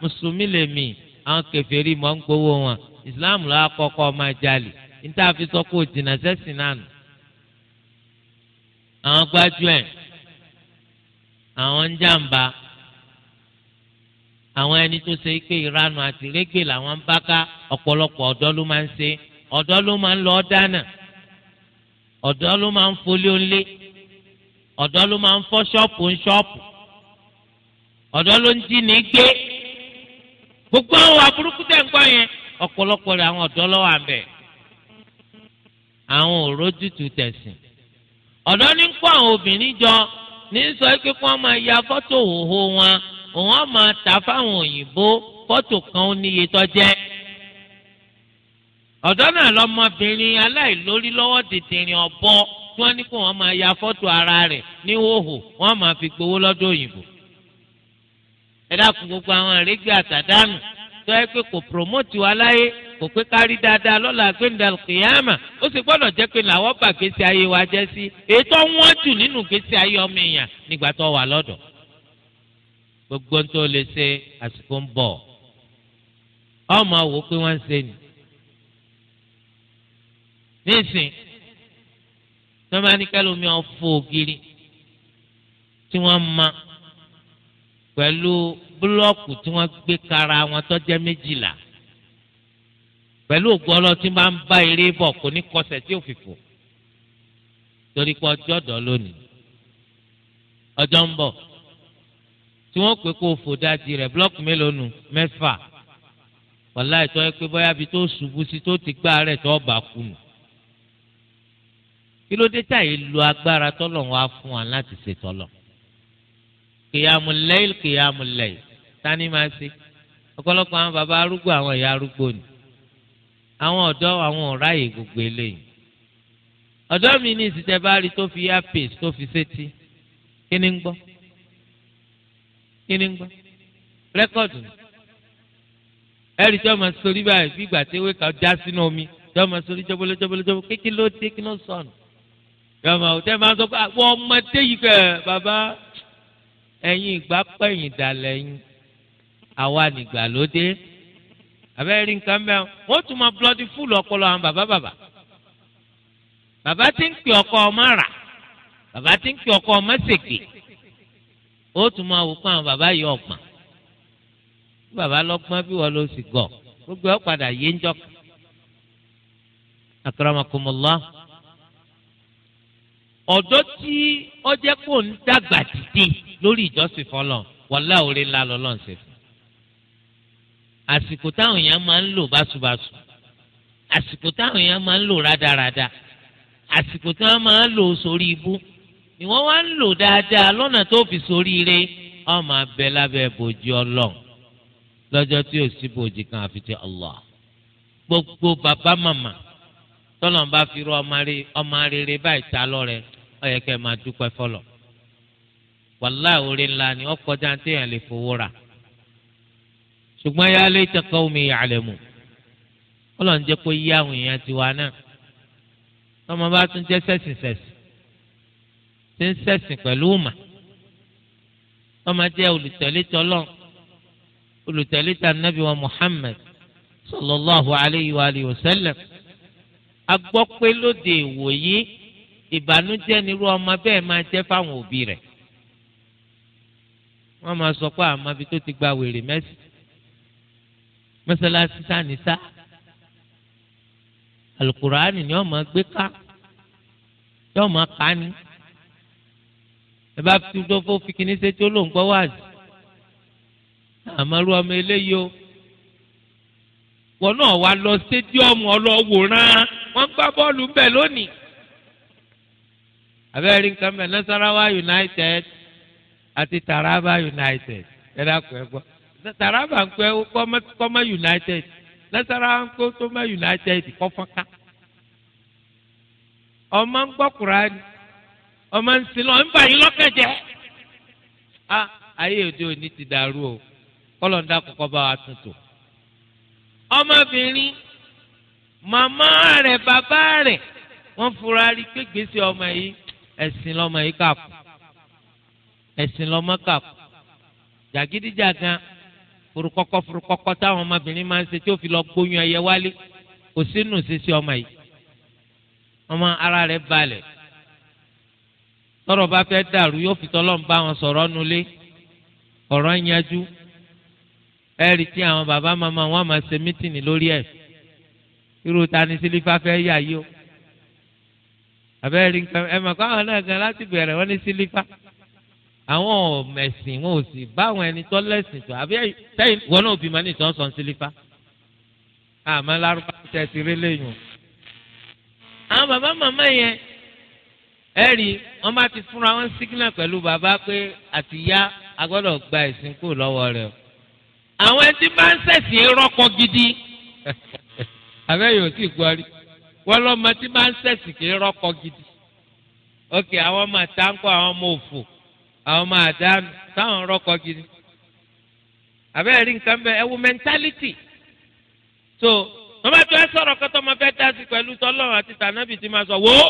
[SPEAKER 1] mùsùlùmí lèmi àwọn kèfèrí mọ̀ ń gbowó wọn ìsìláàmù lọ́wọ́ kọ́kọ́ máa jalè níta àwọn gbájúẹ̀ àwọn ń jàǹbá àwọn ẹni tó ṣe pé ìranù àti rẹ́gbẹ̀ làwọn ń bá ká ọ̀pọ̀lọpọ̀ ọ̀dọ́ ló máa ń ṣe ọ̀dọ́ ló máa ń lọ dáná ọ̀dọ́ ló máa ń folé onlé ọ̀dọ́ ló máa ń fọ́ ṣọ́ọ̀pù ń ṣọ́ọ̀pù ọ̀dọ́ ló ń jí ní gbé gbogbo àwọn àbúrúkú tẹ̀ ń gbọ́ yẹn ọ̀pọ̀lọpọ̀ rẹ̀ àwọn ọ̀dọ́ lọ́wọ́ àbẹ̀ àwọn òrójútùú tẹ̀sìn ọ̀dọ́ ní kó àwọn obìnrin jọ ní sọ pé kí wọ́n máa ya fọ́tò òhò wọn òun ma máa tà fáwọn òyìnbó kan onye níye tó jẹ́ ọ̀dọ́ náà lọ́mọbìnrin aláìlórí lọ́wọ́ dìtìrìn ọ̀bọ tí wọ́n ní kó wọ́n máa ya fọ́tò ara rẹ̀ ní hóhò wọ́n máa fi gbowó lọ́dọ̀ òyìnbó gbogbo àwọn àrégbé àtàdánù tó pé kò promote kò pé kárí dáadáa lọ́la gbẹ̀ndà kìyàmà ó sì gbọ́dọ̀ jẹ́ pé làwọn bà gbèsè ayé wa jẹ́ sí ètò wọn jù nínú gbèsè ayé ọmọ èèyàn nígbà tó wà lọ́dọ̀ gbogbo tó lè ṣe àsìkò ń bọ̀ ọmọ wò pé wọ́n ń ṣe nì nísìn tó máa ní kẹlòmí ọ̀fọ tí wọ́n ma pẹ̀lú búlọ́ọ̀kù tí wọ́n gbé kara wọn tó méjìlá pẹ̀lú ògùn ọlọ́tí máa ń bá eré bọ̀ kò ní kọsẹ̀ tí ò fìfò torí pé ọjọ́ ọ̀dọ́ lónìí ọjọ́ ń bọ̀ tí wọ́n pè kó o fò dájì rẹ̀ blọ́ọ̀kì mélòó nù mẹ́fà wàlá ìtọ́ ẹ pé bóyá ibi tó ṣubú sí tó ti gbá rẹ̀ tó ọba kù nù kí ló dé táyé lu agbára tọ́lọ̀ wá fún wa láti ṣe tọ́lọ̀ kìyàmù lẹ́yìn kìyàmù lẹ́yìn tani máa ṣe ọ̀pọ̀lọpọ̀ àwọn bàbá arúgbó àwọn ìyá arúgbó ni àwọn ọ̀dọ́ àwọn ọ̀ráyè gbogbo eléyìí ọ̀dọ́ mi ní ìsìtẹ́ bá rí tó fi earpiece tó fi sétí kí ni ń gbọ́ kí ni ń gbọ́ rẹ́kọ̀dù ẹ̀rí tí wọ́n máa sori báyìí bí ìgbà tí ewé kan já sínú omi tí wọ́n máa sori jọ́bọ́lọ́ jọ́bọ́lọ́ jọ́bọ́ kékeré ló dé kí ló sọnù yọ̀mọ̀ òtẹ́ máa sọ pé àwọn ọmọdé yìí kẹ́ bàbá ẹ̀yin ìgbà pẹ̀yìn dàlẹ́ àwa nìgbà ló dé abẹ́rẹ́ nǹkan bẹ́ẹ̀ wọ́n tún máa blọ́dí fúlù ọpọlọ àwọn bàbá bàbá bàbá tí ń pè ọkọ ọmọ rà bàbá tí ń pè ọkọ ọmọ ṣègbè ó tún máa wò kó àwọn bàbá yìí ọ̀gbọ́n bí bàbá lọ́gbọ́n bí wọ́n ló sì gọ̀ gbogbo ọ̀ padà yé ń jọ́kà akaramakomola ọ̀dọ́ tí ọjẹ́ kò ń dàgbà dìde lórí ìjọsìn fọlọ́ wọlé òrìlá lọ́lọ́ ń fún àsìkò táwọn èèyàn máa ń lò báṣubàṣu àsìkò táwọn èèyàn máa ń lò rádaràda àsìkò tí wọ́n máa ń lò sórí ibú ni wọ́n wá ń lò dáadáa lọ́nà tó fi sórí ire ọmọ abẹ bòjì tí ò sí bòjì kan àfi ti gbogbo bàbá màmá bá fi ọmọ rere báyìí ta lọ́rẹ̀ ó máa dúpẹ́ ni ọkọ̀ lè fowó ṣùgbọ́n ya laita qaumi ya'lamun ọlọ́run jẹ́ kó yí àwọn èèyàn tiwa náà tọ́mọ bá tún jẹ́ sẹ́sìn sẹ́sìn tí ń sẹ́sìn pẹ̀lú ìmà tọ́mọ jẹ́ olùtẹ̀lé tọ́lọ́ olùtẹ̀lé ta nabi wa Muhammad sallallahu alayhi wa alihi wa sallam a gbọ́ pé lóde ìwòyí ìbànújẹ́ nírú ọmọ bẹ́ẹ̀ máa jẹ́ fáwọn òbí rẹ̀ wọ́n máa sọ pé àmọ́ ibi tó ti gba wèrè mẹ́sìn mọ́sálásí sáni sá alukuraani ni wọ́n máa gbé ká tí wọ́n máa ká ni ẹ bá fi tó fó fi kíní sétí ó ló ń gbọ́ wáàzì àmọ́rú ọmọ eléyìí o wọn náà wá lọ sédíọ̀mù ọlọ́wòrán wọ́n gbá bọ́ọ̀lù ń lónìí abẹ́rẹ́ nǹkan mẹ́ Nasarawa United àti Taraba United ẹ dákun ẹ gbọ́. Taraba ń pẹ́ kọ́mọ United lẹ́sàrà ń kó tọ́mọ United kọ́fọ́ká. ọmọ ń gbọ́ Kùránì ọmọ ń sin lọ ń bà yín a ayé òde òní ti dàrú o kọ́lọ̀ ń dá kọ́kọ́ bá wa tuntun. ọmọbìnrin màmá rẹ̀ bàbá rẹ̀ wọ́n fura rí pé gbèsè ọmọ yìí ẹ̀sìn lọ́mọ yìí kà kù ẹ̀sìn lọ́mọ kà kù jàgídíjàgan furukọ́kọ́ furukọ́kọ́ táwọn ọmọbìnrin máa ń ṣe tí ó fi lọ gbóyún ẹyẹ wálé kò sínú sísí ọmọ yìí ọmọ ara rẹ̀ balẹ̀ tọ́rọ̀ bá fẹ́ dàrú yóò fi tọlọ́run bá wọn sọ̀rọ̀ nulẹ̀ ọ̀rọ̀ yanjú ẹ̀rí tí àwọn bàbá màmá wọn máa ṣe mítìnì lórí ẹ̀ irú ta sílífà fẹ́ yà yí o àbẹ́rẹ́ ẹ mọ̀ kó àwọn náà gan láti bẹ̀rẹ̀ wọ́n ní sílífà àwọn ẹ̀sìn wọn ò sì bá àwọn ẹni tó lẹ́sìn tó àbí tẹ́yìn wọn náà bímọ ní ìtàn sàn sílífà àmọ́ lárúbá tẹ̀ sí rélé yùn. àwọn bàbá màmá yẹn ẹ rí wọn bá ti fúnra wọn sígínà pẹ̀lú bàbá pé àtìyá a gbọ́dọ̀ gba ẹ̀sìn kù lọ́wọ́ rẹ̀ o. àwọn ẹni tí bá ń ṣẹ̀sìn rọ́kọ gidi (laughs) àbẹ́yẹ̀ ò sì gbọ́ rí wọn lọ́mọ tí bá ń ṣẹ̀sìn kì í rọ́kọ gidi. ókè àwọn ọmọ àtàǹkọ àwọn ọmọ òfò àwọn ọmọ àdánù táwọn rọkọ gidi àbẹ́rẹ́ rí nǹkan bẹ́ẹ̀ ẹ̀wù mẹ́ńtálítì so tọ́ba tí wọ́n sọ̀rọ̀ kọ́tọ́ ọmọ fẹ́ẹ́ dásí pẹ̀lú tọ́lọ́run àti tànàbì tí máa sọ wò ó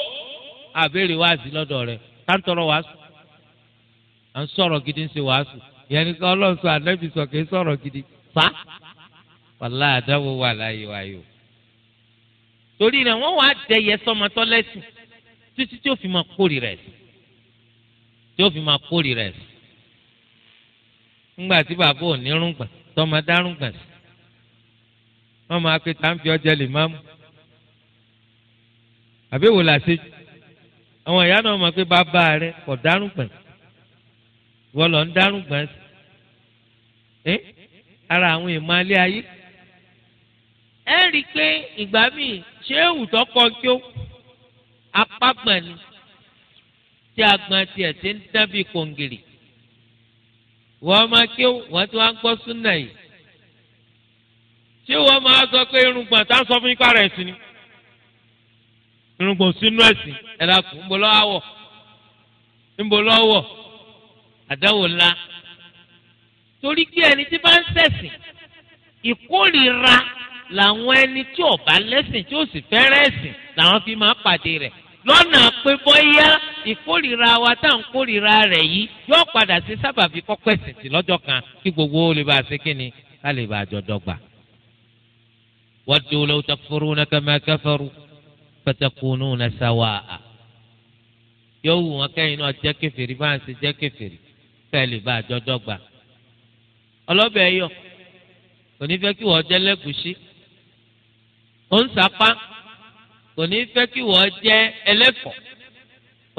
[SPEAKER 1] àbẹ́rẹ́ wáàsí lọ́dọ̀ rẹ̀ táǹtọ̀rọ̀ wàásù à ń sọ̀rọ̀ gidi ń ṣe wàásù ìyẹn ní kọ́ ọlọ́run sọ ànábì sọ kì í sọ̀rọ̀ gidi fa wàlá àdáwò wà láàyè wáyò torí rẹ̀ wọ́n wàá dẹyẹ sọmọtọ́ lẹ́sìn títí tí ó fi máa kórìíra ẹ̀sìn tí ó fi máa kórè rẹ̀ sí. ńgbà tí bàbá ò ní rúgbà tọmọ dárúgbà sí wọ́n máa pe tá à ń fi ọjà lè máa mú. àbẹ̀wò làṣẹ àwọn ìyá náà máa pe bàbá rẹ̀ kò dárúgbà wọ́n lọ ń dárúgbà sí. ẹ ara àwọn èèmọ̀ ayé ẹ rí i pé ìgbà míì ṣé èwù tó kọ kí ó apá gbọ̀n ni tí agbọn tiẹ̀ ti ń dábì kòǹgìrì wọ́n máa kí wọ́n ti wá ń gbọ́ súnà yìí ṣé wọ́n máa sọ pé irùngbọ̀n tá a sọ fún ipa rẹ̀ sí ni irùngbọ̀n sínú ẹ̀sìn ẹ̀dá kù ń bọ̀ lọ́wọ́ wọ̀ ń bọ̀ lọ́wọ́ wọ̀ àdáwò ńlá torí pé ẹni tí bá ń ṣẹ̀sìn ìkórìíra làwọn ẹni tí ó bá lẹ́sìn tí ó sì fẹ́rẹ̀ ẹ̀sìn làwọn fi máa pàdé rẹ̀ lọ́nà pé bóyá ìkórìíra wa tá à ń kórìíra rẹ̀ yìí yóò padà sí sábàbí kọ́kọ́ ẹ̀sìn sí lọ́jọ́ kan kí gbogbo lè bá a ṣe kí ni ká lè bá a jọ dọ́gba. waddu law takfuruna kama kafaru fatakununa sawaa. yóò wù wọn kẹ́yìn náà jẹ́ kèfèrí bá ń ṣe jẹ́ kèfèrí ká lè bá a jọ dọ́gba. ọlọ́bẹ̀ yọ kò ní fẹ́ kí wọ́n jẹ́ lẹ́gùsí. ó ń sapá kò ní fẹ́ kí wọ́n jẹ́ ẹlẹ́kọ̀ọ́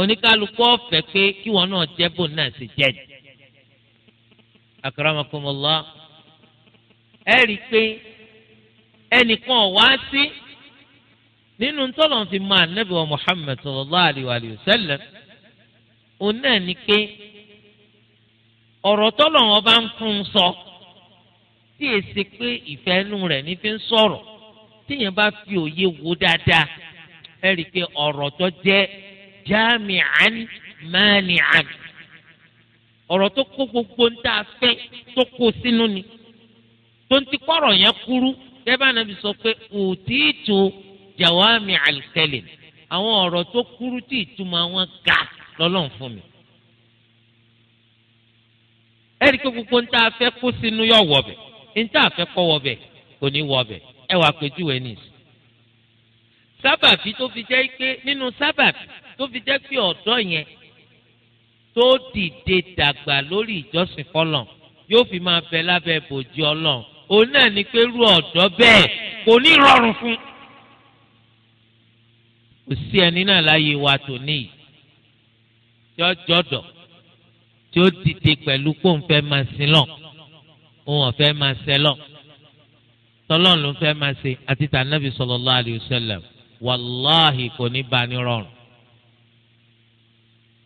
[SPEAKER 1] oníkálukú ọ̀fẹ́ pé kí wọ́n náà jẹ́ bò náà sì jẹ́ ni. akaramakomola ẹ rí i pé ẹnìkan wá sí nínú tọ́lọ̀ fi máa nẹ́bí wa Muhammad sallallahu alayhi wa sallam òun náà ni pé ọ̀rọ̀ tọ́lọ̀ wọn bá ń fún un sọ tí èsì pé ìfẹ́ inú rẹ̀ ní fi ń sọ̀rọ̀ tíyẹn bá fi òye wo dáadáa ẹ rí i pé ọ̀rọ̀ tó jẹ́ jami'an mani'an ọ̀rọ̀ tó kó gbogbo ń tá a fẹ́ tó kó sínú ni tó ń ti kọ́rọ̀ yẹn kúrú gẹ́gẹ́ bá nàbì sọ pé òtítù jawami'al kalim àwọn ọ̀rọ̀ tó kúrú tí ìtumọ̀ wọn ga lọ́lọ́run fún mi. ẹ pé gbogbo ń tá a fẹ́ kó sínú yọ̀ wọ̀ bẹ̀ ń tá a fẹ́ kọ́ wọ̀ bẹ̀ kò ní wọ̀ bẹ̀ ẹ wàá pèjúwe nìyí sábàbí tó fi jẹ́ pé nínú sábàbí tó fi jẹ́ pé ọ̀dọ́ yẹn tó dìde dàgbà lórí ìjọsìn fọlọ́n yóò fi máa bẹ lábẹ́ bòjú ọlọ́run òun náà ni pé rú ọ̀dọ́ bẹ́ẹ̀ kò ní rọrùn fún. kò sí ẹni náà láyé wa tòní yìí tí ó jọ̀dọ̀ tí ó dìde pẹ̀lú kó ń fẹ́ máa sin lọ òun ọ̀fẹ́ máa sẹ́ lọ tọ́lọ́run ló ń fẹ́ máa ṣe àti tànàbì sallallahu alaihi wàláhì kò ní bá ní rọrùn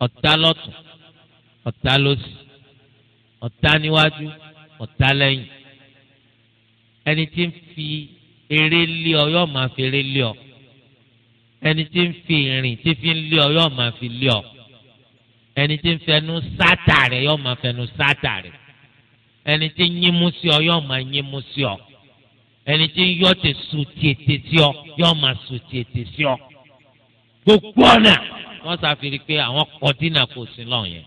[SPEAKER 1] ọ̀tá lọ́tún ọ̀tá lọ́sì ọ̀tá níwájú ọ̀tá lẹ́yìn ẹni tí ń fi eré lé ọ yóò máa fi eré lé ọ ẹni tí ń fi ìrìn tí fi ń lé ọ yóò máa fi lé ọ ẹni tí ń fẹnu sátà rẹ yóò máa fẹnu sátà rẹ ẹni tí ń yín mú sí ọ yóò máa yín mú sí ọ ẹni tí ń yọ ti sùn tiẹ̀tẹ̀ sí ọ yọ máa sùn tiẹ̀tẹ̀ sí ọ. gbogbo ọ̀nà wọ́n ṣàfihàn pé àwọn kọ́dínà kò sí lọ́n yẹn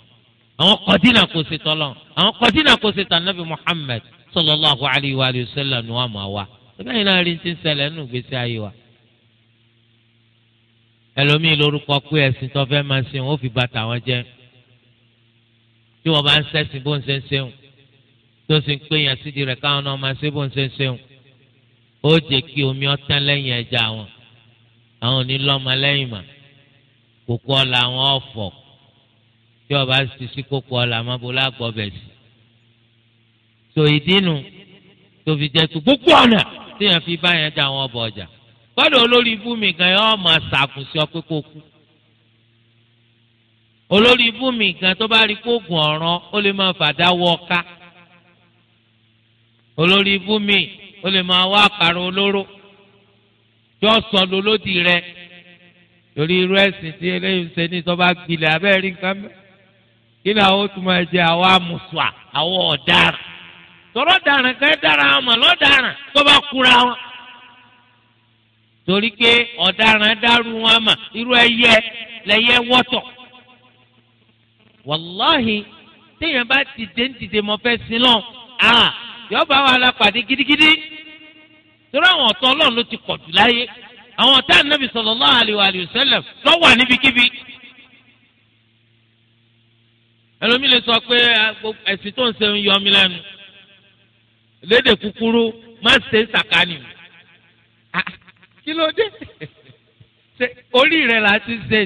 [SPEAKER 1] àwọn kọ́dínà kò sí tọ́lọ́n àwọn kọ́dínà kò sí tànàbí Muhammad sallallahu alayhi wa sallam ni wọ́n máa wá. bẹ́ẹ̀ náà rí ti ń ṣẹlẹ̀ nínú ìgbésí ayé wa. ẹlòmíì lórúkọ pé ẹ̀sìn tó fẹ́ máa ṣe wọn ó fi bàtà wọn jẹ́ tí wọ́n bá ń ṣẹ́sìn bó ń ṣe ń ṣeun tó sì ń pè yàn sídìí rẹ̀ káwọn náà máa ṣe bó ń ṣe ń ṣeun ó jẹ́ kí omi ọtán lẹ́yìn ẹja wọn àwọn onílọ́mọ lẹ́yìn mà kókó ọ̀la wọn ọ̀fọ̀ tí ọba ti sí kókó ọ̀la mọ́bólá gbọ́ bẹ̀ sí. tó ìdínú tó fi jẹ́ tó gbogbo ọ̀nà téèyàn fi bá yẹn já àwọn ọbọ̀ ọjà gbọ́dọ̀ olórí ibú mi gan yọ ọmọ àṣàkùn sí ọ pé kó kú olórí ibú mi gan tó bá rí kóògùn ọ̀ràn ó lè máa fàdá wọ ká olórí ibú ó lè máa wá àkàrà olóró yọ sọdọ lódì rẹ torí irú ẹ̀sìn tí eléyìí ń ṣe ní sọba gbilẹ̀ abẹ́rẹ́ nǹkan mẹ́ kí ni àwọn tó máa jẹ àwọn amùsùà àwọn ọ̀daràn tọ́rọ̀ daràn kẹ́ dára wọn mọ̀ tó bá kúra wọn torí pé ọ̀daràn dárú wọn mà irú ẹyẹ lẹyẹ wọ́tọ̀ wàláhì téèyàn bá ti ń dìde mọ́ fẹ́ sílọ̀ ah yọ bá wa la pàdé gidigidi torí àwọn ọ̀tọ̀ ọlọ́run ló ti kọ̀jù láyé àwọn ọ̀tá ànábì sallallahu alaihi wa sallam lọ́wọ́ níbikíbi. ẹlòmíì lè sọ pé ẹ̀sìn tó ń ṣe ń yọ mí lẹ́nu lédè kúkúrú má ṣe sàkánì mi. kí ló dé orí rẹ̀ là ti ṣe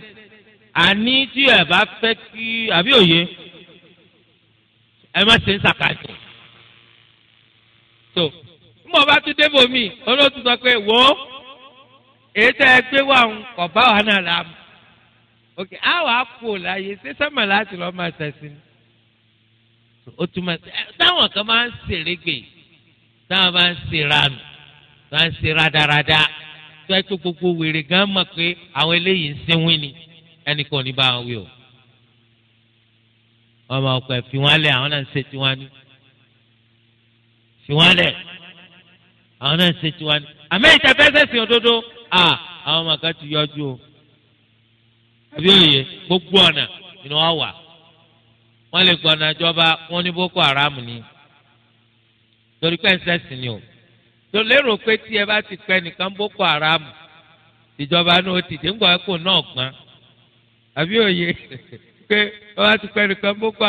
[SPEAKER 1] àní tí ẹ bá fẹ́ kí àbí òye ẹ má ṣe sàkánì so mbọ̀ bá tún débò mí olóòtú sọ pé wò ó èyí tẹ́ ẹ gbé wà ń kọ̀ bá wà náà là mú ok á wà á kú láàyè ṣé sẹ́mà láti lọ́ọ́ máa ṣẹ̀sí ni ó túmọ̀ sí ẹ táwọn kan máa ń ṣèrégbè táwọn máa ń ṣèrànù máa ń ṣe rádaràda tó ẹ tó gbogbo wèrè gan mọ̀ pé àwọn eléyìí ń sinwin ni ẹnì kan ò ní bá wọn wí o wọn máa kọ ẹ fi wọn lẹ àwọn náà ń ṣe tiwọn ni fi wọ́n àwọn náà ṣe tiwa ni amẹ́ríkà fẹ́sẹ̀ sìn òdodo àwọn ti yọjú o àbí òye gbogbo ọ̀nà ni wọ́n wà wọ́n lè gbọ́nà wọn ní boko haram ni torí pé ẹsẹ̀ ni o tó lérò pé tí ẹ ti pẹ́ nìkan boko haram ìjọba náà ti dé ńgbà náà gbọ́n àbí òye (laughs) ti pẹ́ nìkan boko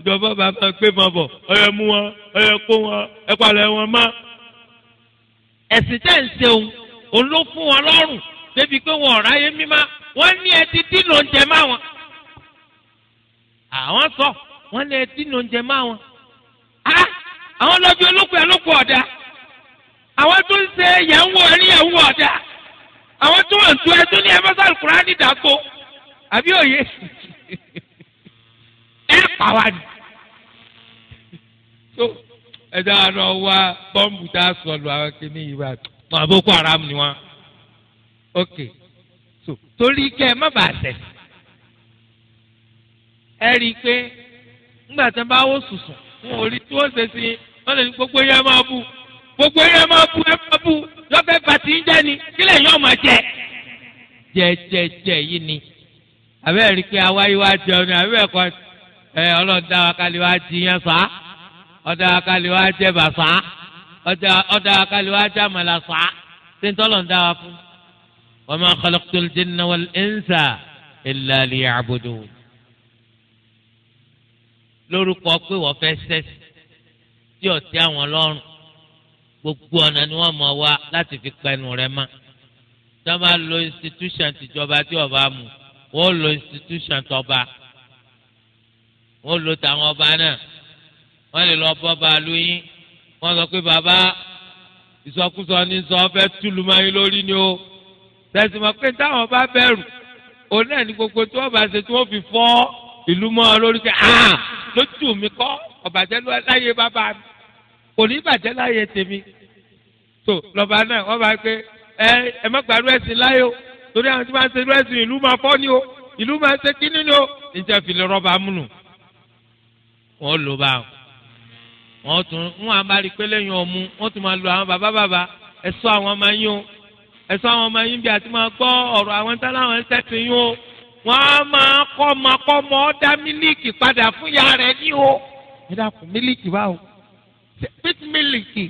[SPEAKER 1] ìjọba bá máa gbé wọn bọ̀ ọyọ mú wọn ọyọ kó wọn ẹ palẹ̀ wọn mọ́. ẹ̀sìn tẹ̀ ń ṣeun òun ló fún wọn lọ́rùn débi pé wọn ọ̀rá yé mímá wọ́n ní ẹtí dínà oúnjẹ má wọn. àwọn sọ wọ́n ní ẹtí dínà oúnjẹ má wọn. á àwọn lọ́jọ́ olóko ẹ̀ ọ̀dà àwọn tó ń ṣe yẹ̀wò ẹ̀rí yẹ̀wò ọ̀dà àwọn tó ń tu ẹtú ní ẹ̀fọ́sà kúránì dàgbò àbí òye (laughs) ẹ̀ pàwọn tó ẹ̀dá àná wa bọ́ǹbù tá a sọ̀lù àwọn kìíní yìí wá wọn Boko Haram ni wọn. ok so torí kẹ́ ẹ má bàa tẹ̀ ẹ rí i pé ńgbà tí wọ́n bá wò sùsùn wọn ò rí tí wọ́n ṣe sí wọ́n lè ní gbogbo yẹn máa bù gbogbo yẹn máa bù ẹ máa bù lọ́fẹ̀ẹ́ bàtí ń jẹ́ ni kílẹ̀ yóò máa jẹ jẹjẹjẹ yìí ni àbẹ́ẹ̀ rí i pé àwa yìí wá jẹun ni àbẹ́ẹ̀ kọ́ ẹ ọlọ́run dá kálí wá jí yẹn sọ á ọ̀dà àkàlẹ̀ wa jẹ́ bàṣà ọ̀dà àkàlẹ̀ wa jẹ́ àmàlàṣà ṣé ń tọ́lọ̀ ń dá wa fún. wa ma khalaqtul jinna wal insa illa liya'budun. lórúkọ pé wọ́n fẹ́ sẹ́sì tí ọ̀tí àwọn lọ́rùn gbogbo ọ̀nà ni wọ́n mọ̀ wá láti fi pẹnu rẹ̀ mọ́ tó bá lo institution tìjọba tí ọba mú wọ́n lo institution tọba wọ́n lo tàwọn ọba náà wọ́n lè lọ bọ́ bàálù yín wọ́n sọ pé bàbá ìsọkúsọ ní sọ fẹ́ túlù máa yín lórí ni o tẹ̀sí mọ̀ pé táwọn bá bẹ̀rù òun náà ní gbogbo tí wọ́n bá ṣe tí wọ́n fi fọ́ ìlú mọ́ ọ lórí pé ah lójú mi kọ́ ọ̀bàjẹ́ láyé bàbá mi kò ní bàjẹ́ láyé tèmi tó lọ́ba náà wọ́n bá pé ẹ ẹ má gbàdú ẹ̀sìn láyé o torí àwọn tí wọ́n ṣe irú ẹ̀sìn ìlú máa fọ́ ni o ìlú máa ṣe kíní ni o níjẹ́ fi rọ́bà múnú wọ́n lò báwọn wọ́n tún wọ́n á bá rí i pé lẹ́yìn ọ̀mú wọ́n tún máa lo àwọn bàbá bàbá ẹ ṣọ́ àwọn ọmọ yín o ẹ ṣọ́ àwọn ọmọ yín bí àti máa gbọ́ ọ̀rọ̀ àwọn tá láwọn ń sẹ́sìn yín o wọ́n á máa kọ́ ọmọ kọ́ ọmọ ọ́ dá mílíìkì padà fún ìyá rẹ̀ ní o ẹ dákun mílíìkì báwo bit mílíìkì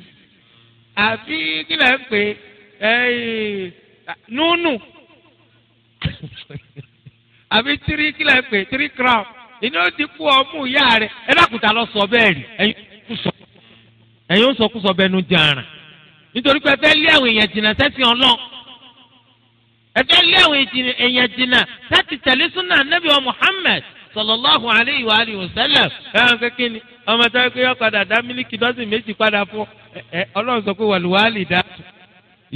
[SPEAKER 1] àbí kí lẹ́ ń pè é núnù àbí tírí kí lẹ́ ń pè é tírí crown ìní ó ti kú ọmú ìyá rẹ̀ ẹ dákun ta lọ sọ bẹ́ẹ̀ rí ẹ̀yin ẹ̀yin ó sọkúsọ bẹnu jẹ àràn nítorí pé ẹ fẹ́ lé àwọn èèyàn jìnnà sẹ́sìn ọlọ́ọ̀ ẹ fẹ́ lé àwọn èèyàn jìnnà láti tẹ̀lé súnà ànábì wa Muhammad sallallahu alayhi wa alihi wa sallam ẹ̀hán kékeré ni ọmọ tó yẹ kó yọ padà dá mílíkì dọ́sìn méjì padà fún ẹ ọlọ́run sọ pé wàlúwàlì dá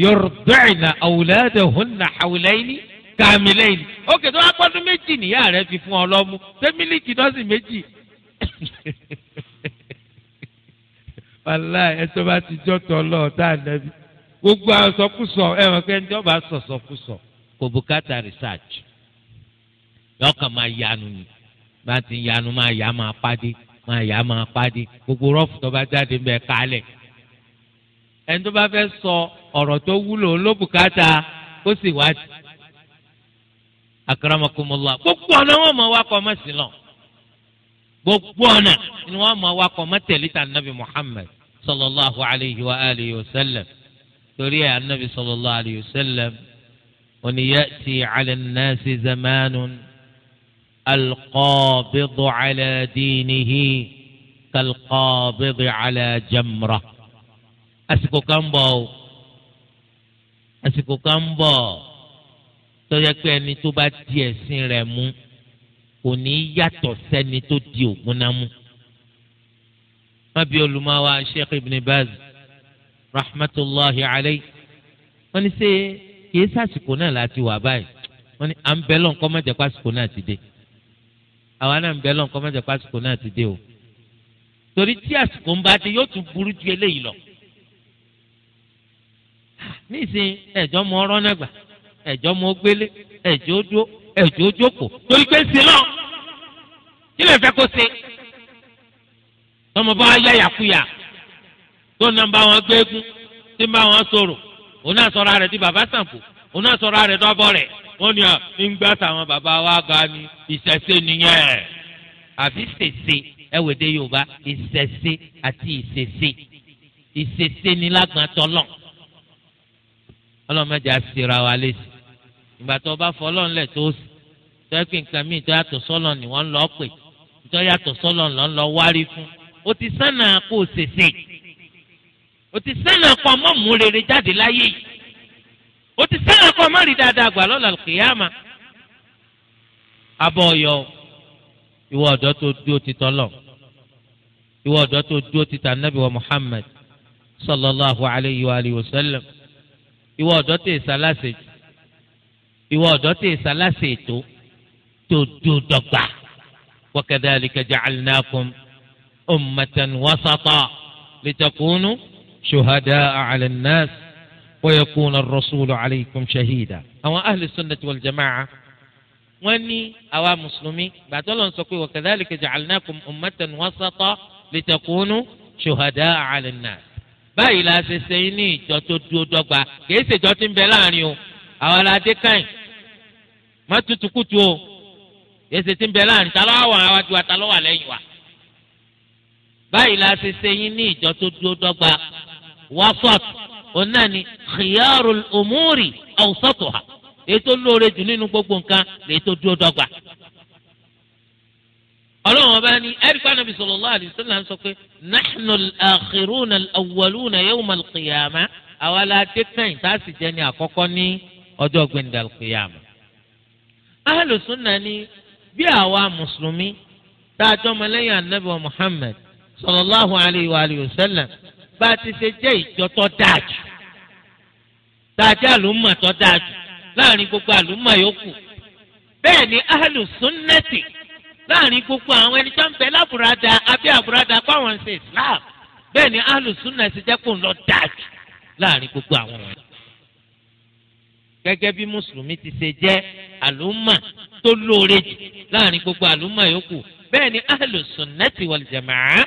[SPEAKER 1] yurdi'na awladahunna hawlayni kamilayni ókè tó wá gbọ́dún méjì nìyá rẹ fi fún ọ ṣé mílíkì dọ́sìn méjì (laughs) wàlá ẹtọ́ bá ti jọ́tọ̀ lọ a gbogbo àwọn sọkúsọ ẹ̀wọ̀n kẹ́ńtì ọba sọ sọkúsọ kò bùkátà research máa yanu ni bá ti yanu máa yá máa pàdé máa yá máa pàdé gbogbo rọ́ọ̀fù tó bá jáde bẹ sọ ọrọ tó wúlò ló bùkátà ó sì wájú gbogbo ọ̀nà wọn wá kọ́ gbogbo ọ̀nà ni wọ́n mọ̀ wakọ̀ mọ́tẹ̀lẹ́ tà nàbì muhammed sallallahu alayhi wa alayhi wa sallam torí ẹ̀ anabi sallallahu alayhi wa sallam oní ya'ti ala an-nasi zamanun alqabidu ala dinihi kalqabidu ala jamra. àsìkò kan bọ̀ o àsìkò kan bọ̀ tó yẹ pé ẹni tó bá di ẹ̀sìn rẹ̀ mú. kò ní í yàtọ̀ sẹ́ni tó di ògùn náà mú. wọ́n bí olùmọ̀wá sheikh ibn baz rahmatulahi alayhi wọ́n ní ṣe kìí sàsìkò náà láti wà báyìí wọ́n ní à ń bẹ́ lọ́nkọ́ má jẹ́ pásìkò náà ti dé àwa náà ń bẹ́ lọ́nkọ́ má jẹ́ pásìkò náà ti dé o torí tí àsìkò ń bá dé yóò tún burú ju eléyìí lọ. Ah, nísìnyí ẹ̀jọ́ mọ ọ̀rọ̀ náà gbà ẹ̀jọ́ mọ ó ẹ̀jọ́ dúró ẹ̀jọ́ jókòó torí pé ń sin náà kí lè fẹ́ kó ṣe tọmọ bá yá yàkuyà tó nà ń bá wọn gbẹ́gun tí ń bá wọn sọ̀rọ̀ òun náà sọ̀rọ̀ rẹ̀ tí bàbá sàǹpù òun náà sọ̀rọ̀ rẹ̀ dọ́bọ̀ rẹ̀ wọ́n ní à ń gbà táwọn bàbá wa ga ni ìṣẹ̀ṣe nìyẹn àfi ṣèṣe ẹ̀wẹ̀dẹ̀ yorùbá ìṣẹ̀ṣe àti ìṣẹ̀ṣe ìṣẹ̀ṣe ni lágbàtọ́ lọ́n ọlọ́mọdé àṣìṣe ra wa lẹ́sìn ìgbà tó o bá fọ ọlọ́run lẹ̀ tó o sì tó ẹ pé nǹkan míì tó yàtọ̀ sọ́lọ̀ ni wọ́n ń pè tó yàtọ̀ sọ́lọ̀ lọ́n lọ wárí fún o ti sànà kó o ṣèṣe o ti sànà kó ọmọ mú rere jáde láyé yìí o ti sànà kó ọmọ rí dáadáa gbà lọ́la kìyàmà abọ́ ọ̀yọ́ ìwọ ọ̀dọ́ tó dúró ti tọ́lọ̀ ìwọ ọ̀dọ́ tó dúró ti tànàbí wa Muhammad sallallahu alayhi wa sallam ìwọ ọ̀dọ́ tó ìsàlásèjì ìwọ ọ̀dọ́ tí ìsàlásì ètò tó dúró dọ́gba wa kadhalika ja'alnakum ummatan wasata litakunu shuhada'a 'ala an-nas wa yakuna ar-rasulu 'alaykum shahida. àwọn ahlu sunnati wal jama'a wọ́n ní àwa mùsùlùmí gbàtọ́ lọ́n sọ pé wa kadhalika ja'alnakum ummatan wasata litakunu shuhada'a 'ala báyìí la ṣe ṣe ní ìjọ tó dúró dọ́gba kì í ṣèjọ tí ń bẹ láàrin o àwọn aládé káyìn má tutù kùtù o èsì tí ń bẹ láàrin ta ló wà wájú wa ta ló wà lẹ́yìn wa. báyìí la ṣe ṣe yín ní ìjọ tó dúró dọ́gba wasat òun náà ni khiyarul umuri awsatuha èyí tó lóore jù nínú gbogbo nǹkan lèyí tó dúró dọ́gba. ọlọ́run ọba ni ẹ̀ríkà nàbì sallallahu alaihi wasallam sọ pé nahnu al-akhiruna al-awwaluna yawma al àwa la dé kàn tá a sì jẹ́ ní àkọ́kọ́ ní ọjọ́ gbẹ̀ndàl ahàlùsùnà ni bí àwa mùsùlùmí tá a jọmọ lẹ́yìn anabi wa muhammed sallallahu alayhi wa alihi wa sallam bá a ti ṣe jẹ́ ìjọ tó tá a jẹ́ àlùmọ̀ láàrin gbogbo àlùmọ̀ yòókù bẹ́ẹ̀ ni ahàlùsùnàtì láàrin gbogbo àwọn ẹni tó ń bẹ lábùradà abẹ́ àbùradà ṣe islam bẹ́ẹ̀ ni ti jẹ́ kó ń lọ gẹ́gẹ́ bí mùsùlùmí ti ṣe jẹ́ àlùmà tó lóore jù láàrin gbogbo àlùmà yòókù bẹ́ẹ̀ ni ahlùsùnnẹ́tì wal jamaa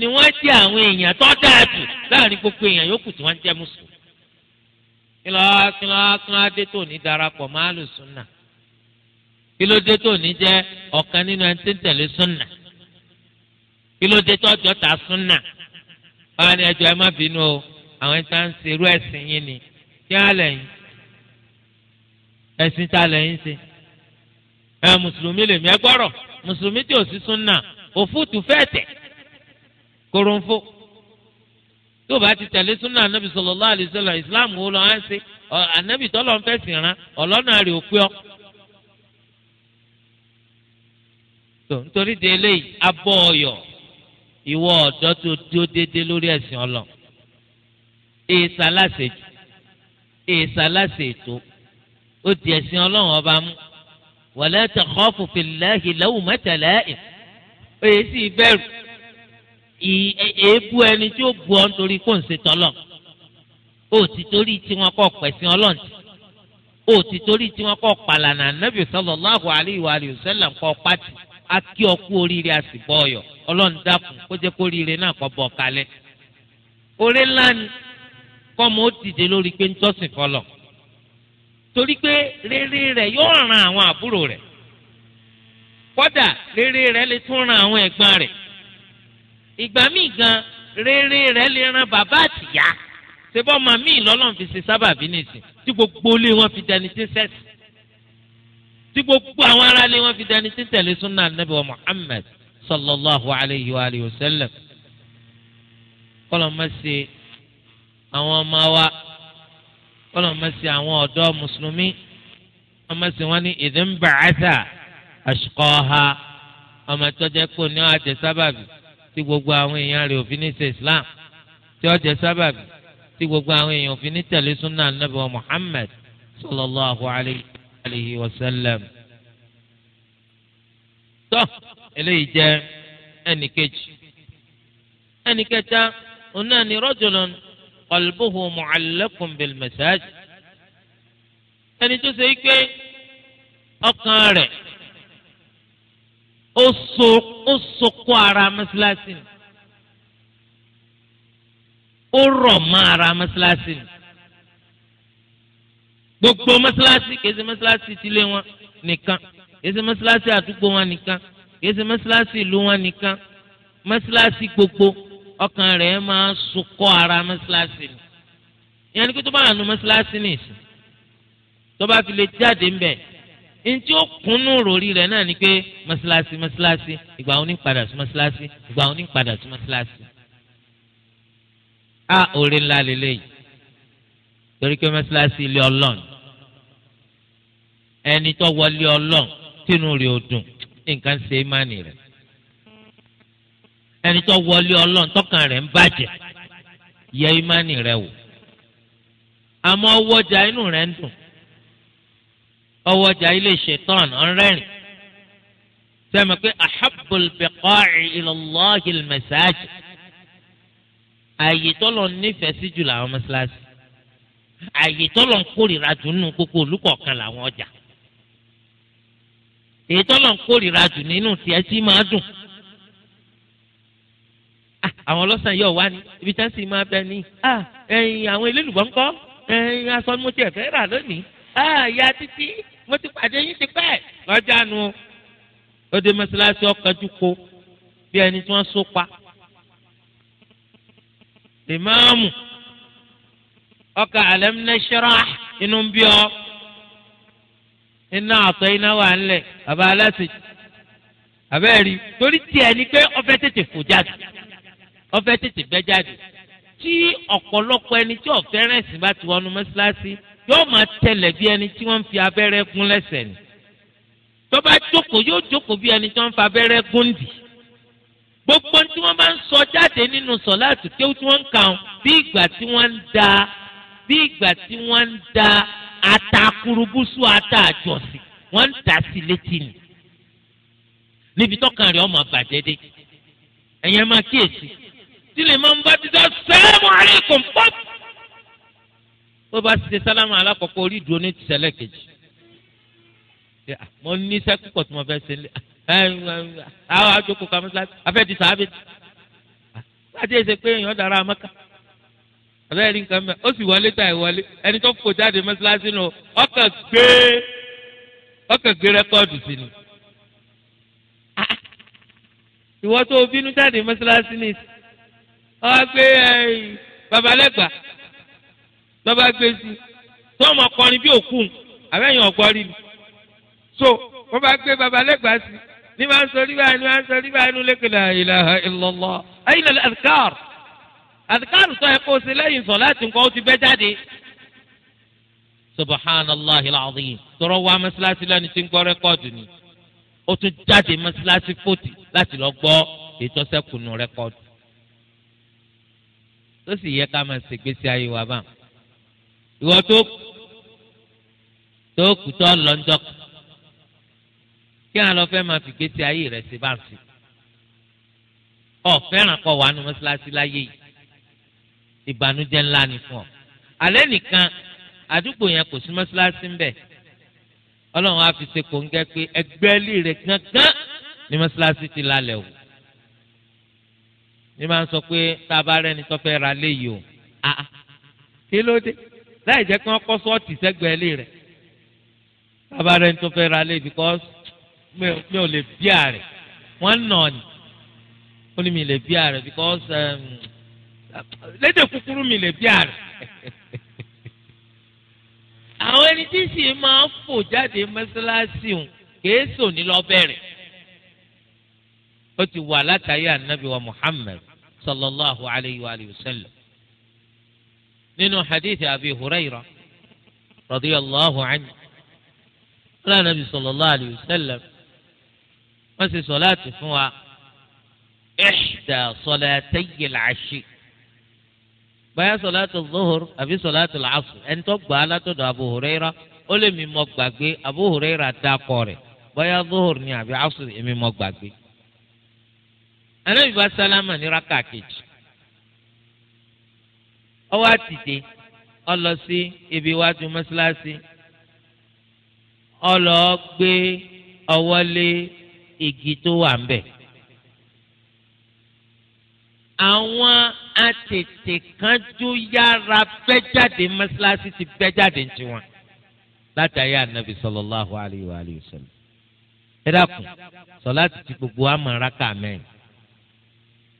[SPEAKER 1] ni wọ́n jẹ́ àwọn èèyàn tó dáa jù láàrin gbogbo èèyàn yòókù tí wọ́n jẹ́ mùsùlùmí. kí ló kí ló kí ló dé tó ní darapọ̀ mọ́ ahlùsùnnà kí ló dé tó ní jẹ́ ọ̀kan nínú ẹni tí ń tẹ̀lé sùnnà kí ló dé tó ta sùnnà báwa ni ẹjọ́ ẹ má bínú o àwọn ẹni ń ṣerú ẹ̀sìn yín ni kí á lẹ́yìn ẹ̀sìn ta lẹ́yìn ṣe ẹ mùsùlùmí lèmi ẹ gbọ́rọ̀ mùsùlùmí tí ò sí súnà òfútu fẹ́ẹ̀tẹ̀ koronfo tó bá ti tẹ̀lé súnà anabi sallallahu alaihi wasallam islam wo lọ á ṣe anabi tọ́lọ̀ ń fẹ̀sìn rán ọlọ́nà rẹ̀ ò pé ọ́. tó nítorí de eléyìí abọ́ ọyọ̀ ìwọ ọ̀dọ́ tó dúró déédéé lórí ẹ̀sìn ọlọ́ èèsà láṣẹ ètò ó ti ẹ̀sìn ọlọ́run ọba mú wala takhafu fillahi lawmata la'im èyí sì bẹ̀rù èébú ẹni tí ó bu ọ nítorí kó ń ṣe tọ́lọ̀ ó ti torí tiwọn kọ́ pẹ̀sìn ọlọ́run ti ó ti torí tiwọn kọ́ pàlànà nàbì sallallahu alayhi wa alihi wa sallam kọ́ pàtì á kí ọ kú oríire a sì bọ́ ọyọ̀ ọlọ́run dákun kó jẹ́ kó oríire náà kọ́ bọ̀ kalẹ̀ orí ni kọ́ mọ́ dìde lórí pé ń tọ́sìn fọlọ̀ torí pé rere rẹ̀ yóò ran àwọn àbúrò rẹ̀ kódà rere rẹ̀ lè tún ran àwọn ẹ̀gbọ́n rẹ̀ ìgbà míì gan rere rẹ̀ lè ran bàbá àtìyá ṣebọ màmí lọ́lọ́run fi ṣe sábàbí nìsín tí gbogbo ilé wọn fi dání tí ń sẹsì tí gbogbo àwọn ará wọn fi dání tí ń tẹ̀lé súnà wa Muhammad sallallahu alayhi wa alayhi wa sallam kọlọ ma àwọn ọmọ wa kọ́lọ̀ mọ̀ sí àwọn ọ̀dọ́ mùsùlùmí wọ́n mọ̀ sí wọn ní ìdínbà àṣà àṣùkọ́ ha ọmọ tọ́jẹ́ kò ní ọ̀jẹ̀ sábàbí tí gbogbo àwọn èèyàn rẹ̀ òfin ní ṣe Islam tí ọ̀jẹ̀ sábàbí tí gbogbo àwọn èèyàn òfin ní tẹ̀lé súnà nàbẹ̀ wa Muhammad sallallahu alayhi wa sallam. tọ́ eléyìí jẹ́ ẹnì kejì ẹnì kẹta òun náà ni rọ́jòlónù qalbuhu mu'allaqun bil masajid ẹni tó ṣe pé ọkàn rẹ̀ ó so ó sokó ara mọ́sálásí ni ó rọ̀ mọ́ ara mọ́sálásí ni gbogbo mọ́sálásí kìí ṣe mọ́sálásí tilé wọn nìkan kìí ṣe mọ́sálásí àdúgbò wọn nìkan kìí ṣe mọ́sálásí ìlú wọn nìkan mọ́sálásí gbogbo ọkàn rẹ̀ máa sunkọ́ ara mọ́ṣáláṣí ni ìyẹn ni pé tó bá hànú mọ́ṣáláṣí ni ìsìn tó bá fi lè jáde ńbẹ ntí ó kúnnú ròrí rẹ̀ náà ni pé mọ́ṣáláṣí mọ́ṣáláṣí ìgbà òní padà sí mọ́ṣáláṣí ìgbà òní padà sí mọ́ṣáláṣí. a oore ńlá lélẹ́yìí torí pé mọ́ṣáláṣí ilé ọlọ́run ẹni tó wọlé ọlọ́run tínú rẹ̀ ò dùn nǹkan ṣe é má nì ẹni tó wọlé ọlọ́run tọkàn rẹ̀ ń bàjẹ́ yẹ ìmánì rẹ wò àmọ́ ọwọ́jà inú rẹ̀ ń dùn ọwọ́jà ilé ṣetán ọ̀rẹ́rìn sẹ́mi pé ahabbul biqa'i ila Allahi al-masajid àyè tọ́lọ̀ nífẹ̀ẹ́ sí jù làwọn mọ́ṣáláṣí àyè tọ́lọ̀ ń kórìíra jù gbogbo olùkọ̀ọ̀kan làwọn ọjà èyí kórìíra jù nínú tiẹ̀ sí máa dùn àwọn ọlọ́sàn yóò wá ní ibi tá sì máa bẹ ní ẹ̀yìn àwọn elélùbọ̀ ń kọ́ ẹ̀yìn aṣọ ni mo ti ẹ̀fẹ́ rà lónìí ìyá títí mo ti pàdé yín ti pẹ́ lọ́jà nu ó dé mọ́ṣáláṣí ọ̀kanjú ko bí ẹni tí wọ́n so pa ìmáàmù ọkà àlẹ́mínẹ́sẹ́rà inú ń bí ọ iná àtọ̀ iná wà ńlẹ̀ bàbá aláṣẹ àbẹ́ẹ̀rí torí tiẹ̀ ni pé ọfẹ́ tètè fò jáde ọfẹ́ tètè bẹ́ jáde tí ọ̀pọ̀lọpọ̀ ẹni tí ọ̀fẹ́rẹ́ sì bá ti wọnú mọ́ṣáláṣí yóò máa tẹlẹ̀ bí ẹni tí wọ́n fi abẹ́rẹ́ gún lẹ́sẹ̀ ni tó bá jókòó yóò jókòó bí ẹni tí wọ́n ń fa abẹ́rẹ́ gún dì gbogbo tí wọ́n bá ń sọ jáde nínú sọ̀láàtù kéwú tí wọ́n ń kà ọ́n bí ìgbà tí wọ́n ń da bí ìgbà tí wọ́n ń da atakurubúsù atájọsí wọ́n ń tà sí létí ni níbi tọ́kàn rẹ̀ ọmọ àbàjẹ́ dé ẹ̀yẹn máa kíyèsí tí lè máa ń bá ti sọ sẹ́lẹ̀mù aláìkùn pọ́p. bó bá ti ṣe sálámù alákọ̀ọ́kọ́ orí ìdúró ní tìṣẹ́lẹ̀ kejì. Ah, mo ní sẹ́kùkọ̀ tí mo fẹ́ ṣe lé àwọn àjòkò kan mọ́sálásí afẹ́ ti sàábẹ̀ tì. láti ẹsẹ̀ pé èèyàn dára amẹ́ka. abẹ́rẹ́ rí nǹkan mẹ́ ó sì wọlé tà ìwọlé ẹni tó fò jáde mọ́sálásí nù ọkàn gbé ọkàn gbé rẹ́kọ́ọ̀dù sí ni. Ah, ah, ìwọ tó bínú jáde mọ́sálásí ní ọ gbé babalẹ́gbà lọ́ba gbé sí tó ọmọ kọrin bí òkú àbẹ́yìn ọ̀gbọ́n rí ni so wọ́n bá gbé babalẹ́gbà sí ní máa ń sọ rí báyìí ní máa ń sọ rí báyìí ní lẹ́kẹ̀lẹ́ ilaha illallah ayinla adikar adikar sọ ẹ kó o ṣe lẹ́yìn sọ láti nǹkan ó ti bẹ́ jáde subhanallah alazim tọrọ wa mọ́sálásí lẹ́nu tí ń gbọ́ rẹ́kọ́ọ̀dù ni ó tún jáde mọ́sálásí fòtì láti lọ gbọ́ ètò sẹ́kùnù rẹ́kọ́ọ̀dù tó sì yẹ ká máa ṣègbésí ayé wa bá ìwọ tó tó kù tó lọ́njọ́ kí wọn lọ fẹ́ máa fi gbésí ayé rẹ̀ ṣe bá ń sè ọ fẹ́ràn kọ wà nù mọ́ṣáláṣí láyé yìí ìbànújẹ́ ńlá ni fún ọ alẹ́ nìkan àdúgbò yẹn kò sí mọ́ṣáláṣí ń bẹ̀ ọlọ́run á fi ṣe kòńgẹ́ pé ẹgbẹ́ lè rẹ̀ gángan ni mọ́ṣáláṣí ti lálẹ́ o ní máa ń sọ pé tá a bá rẹ́ni tó fẹ́ ra léyìí o àá ah, ah. kí ló dé láì jẹ́ kí wọ́n kọ́ sọ́ọ̀tì sẹ́gbẹ̀ẹ́ lé rẹ̀ tá a bá rẹ́ni tó fẹ́ ra léyìí because mi ò lè bí ààrẹ wọ́n nà ọ́ ni ó ní mi lè bí ààrẹ because um, lédè kúkúrú mi lè bí ààrẹ àwọn ẹni tí sì máa ń fò jáde mọ́ṣáláṣí òun kèé sòní lọ ó ti wà látàrí ànábì wa Muhammad sallallahu alayhi wa sallam nínú hadithi abi hurayra radiyallahu anhu ọlọ́run ànábì sallallahu alayhi wa sallam wọ́n ṣe sọ̀láàtì fún wa ihda salatayil ashi báyà sọ̀láàtì zuhur àbí sọ̀láàtì làásù ẹni tó gbà á látọ̀dọ̀ abu hurayra ó lè mímọ́ gbàgbé abu hurayra dákọ̀ rẹ̀ báyà zuhur ni àbí asr èmi gbàgbé anabi bá sálámà ní raka kejì ọwọ́ àtìdé ọlọ sí ibi iwájú mọ́ṣáláṣí ọlọ gbé ọwọ́ lé igi tó wà ń bẹ̀. àwọn àtètè kanjú yára bẹ́ jáde mọ́ṣáláṣí ti bẹ́ jáde ń tiwọn látàrí ànábì sallallahu alayhi wa sallam. ẹ dákun sọ láti ti gbogbo àmọ́ raka mẹ́rin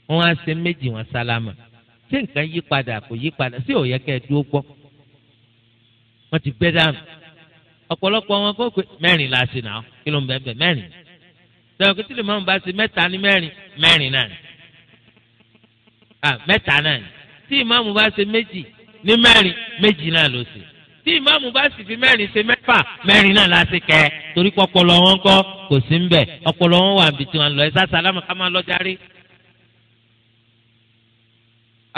[SPEAKER 1] wọ́n á ṣe méjì wọn sálámà ṣé nǹkan yí padà kò yí padà sí òye kẹ́ ẹ dúró gbọ́ wọ́n ti bẹ́ dànù ọ̀pọ̀lọpọ̀ wọn kó pé mẹ́rin la ṣe náà kí ló ń bẹ́ẹ̀ bẹ́ẹ̀ mẹ́rin sọ̀rọ̀ kí tí bá ṣe mẹ́ta ní mẹ́rin mẹ́rin náà ni mẹ́ta náà ni tí ìmáàmù bá ṣe méjì ní mẹ́rin méjì náà ló ṣe tí ìmáàmù bá sì fi mẹ́rin ṣe mẹ́fà mẹ́rin náà la ṣe kẹ́ torí pọpọlọ wọn kọ́ kò sí ń bẹ̀ ọpọlọ wọn wà níbi wọn lọ ẹ sá sálámù ká máa lọ járe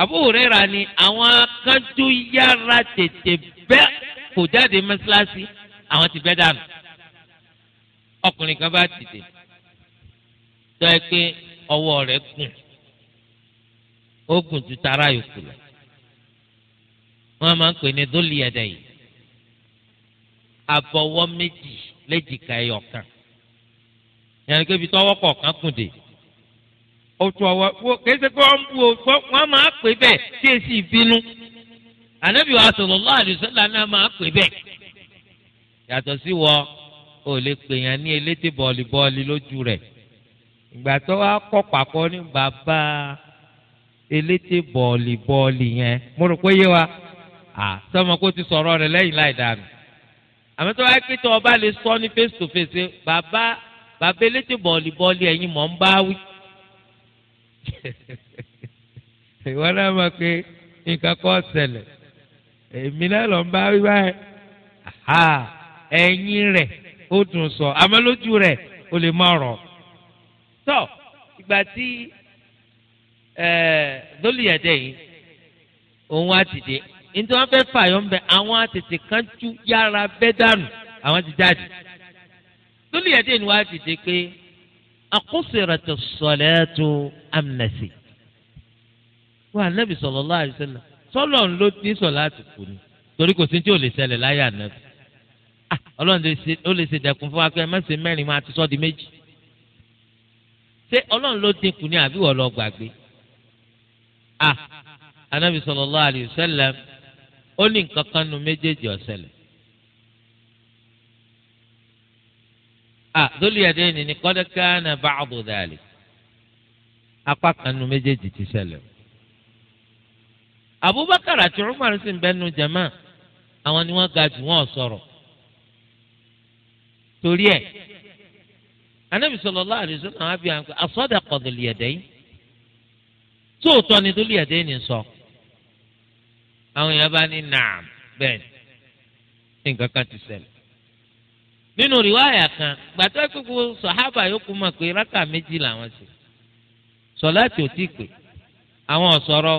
[SPEAKER 1] Abu Huraira ni àwọn akánjú yára tètè bẹ́ kò jáde mọ́ṣáláṣí àwọn ti bẹ́ dànù ọkùnrin kan bá dìde tọ́ ẹ pé ọwọ́ rẹ̀ gùn ó gùn ju tara yòókù lọ wọ́n máa ń pè ní dólì ẹ̀dá yìí àbọ̀wọ́ méjì léjìká ẹ̀yọ̀kan yàrá tọ́wọ́ kọ̀ọ̀kan gùn dé ọ̀tún ọ̀wọ́ kéésì pé wọ́n bu ògbọ́ wọ́n máa pè bẹ́ẹ̀ tí èsì ìbínú ànábì wa sallallahu alaihi wasallam náà máa pè bẹ́ẹ̀. yàtọ̀ sí wọ ò lè pè yàn ní elétè bọ́ọ̀lì bọ́ọ̀lì lójú rẹ̀ ìgbà tó wá kọ́ pàkọ́ ní bàbá elétè bọ́ọ̀lì bọ́ọ̀lì yẹn mo rò pé yé wa sọmọ kó ti sọ̀rọ̀ rẹ̀ lẹ́yìn láì dànù àmọ́ tó wá pé tó ọba lè sọ ní face to face bàbá bàbá elétè bọ́ọ̀lì bọ́ọ̀lì ẹ̀yin mọ̀ ń bá wí. (laughs) ìwọ náà mọ̀ pé nǹkan kọ́ ṣẹlẹ̀ èmi náà lọ ń bá wí báyìí ẹ̀yìn rẹ̀ ó dùn sọ àmọ́ lójú rẹ̀ ó lè má rọ̀ tọ́ ìgbà tí dólìyàdẹ́ yìí òun á ti dé nítorí wọn fẹ́ fààyàn bẹ àwọn àtètè kan jú yára bẹ́ dànù àwọn ti jáde lórí ni wọ́n á ti dé pé àkóṣèrètò sọ̀lẹ́tò amnesi wà nẹ́bí sallallahu alaihi wasallam sọ́lọ̀ ń ló ní sọ̀lá ti kù ni torí kò sí tí ò lè ṣẹlẹ̀ láyé ànábì ah, ọlọ́run ó lè ṣe dẹ̀kun fún wa pé mẹ́sẹ̀ mẹ́rin máa ti sọ́ di méjì ṣé ọlọ́run ló dínkù ní àbí wọ́n lọ gbàgbé ah ànábì sallallahu alaihi wasallam ó ní nǹkan nu méjèèjì ọ̀sẹ̀lẹ̀ ah zoli ni kọ́dẹ́ká na báàbò dàlí apá kanu méjèèjì ti Abubakar àti Umar sì ń bẹnu jama àwọn ni wọ́n ga jù torí anabi sallallahu Alizu wasallam àbí àǹkọ asọ́dà kọ̀dọ̀lì ẹ̀dẹ́yìn ni zoli ni sọ àwọn yaba ni nǹkan kan ti nínú rìwáyà kan gbàtọ́ gbogbo sọ̀hábà yòókù mọ̀ pé rákà méjì làwọn ṣe sọ láti ò tí ì pè àwọn ọ̀sọ̀rọ̀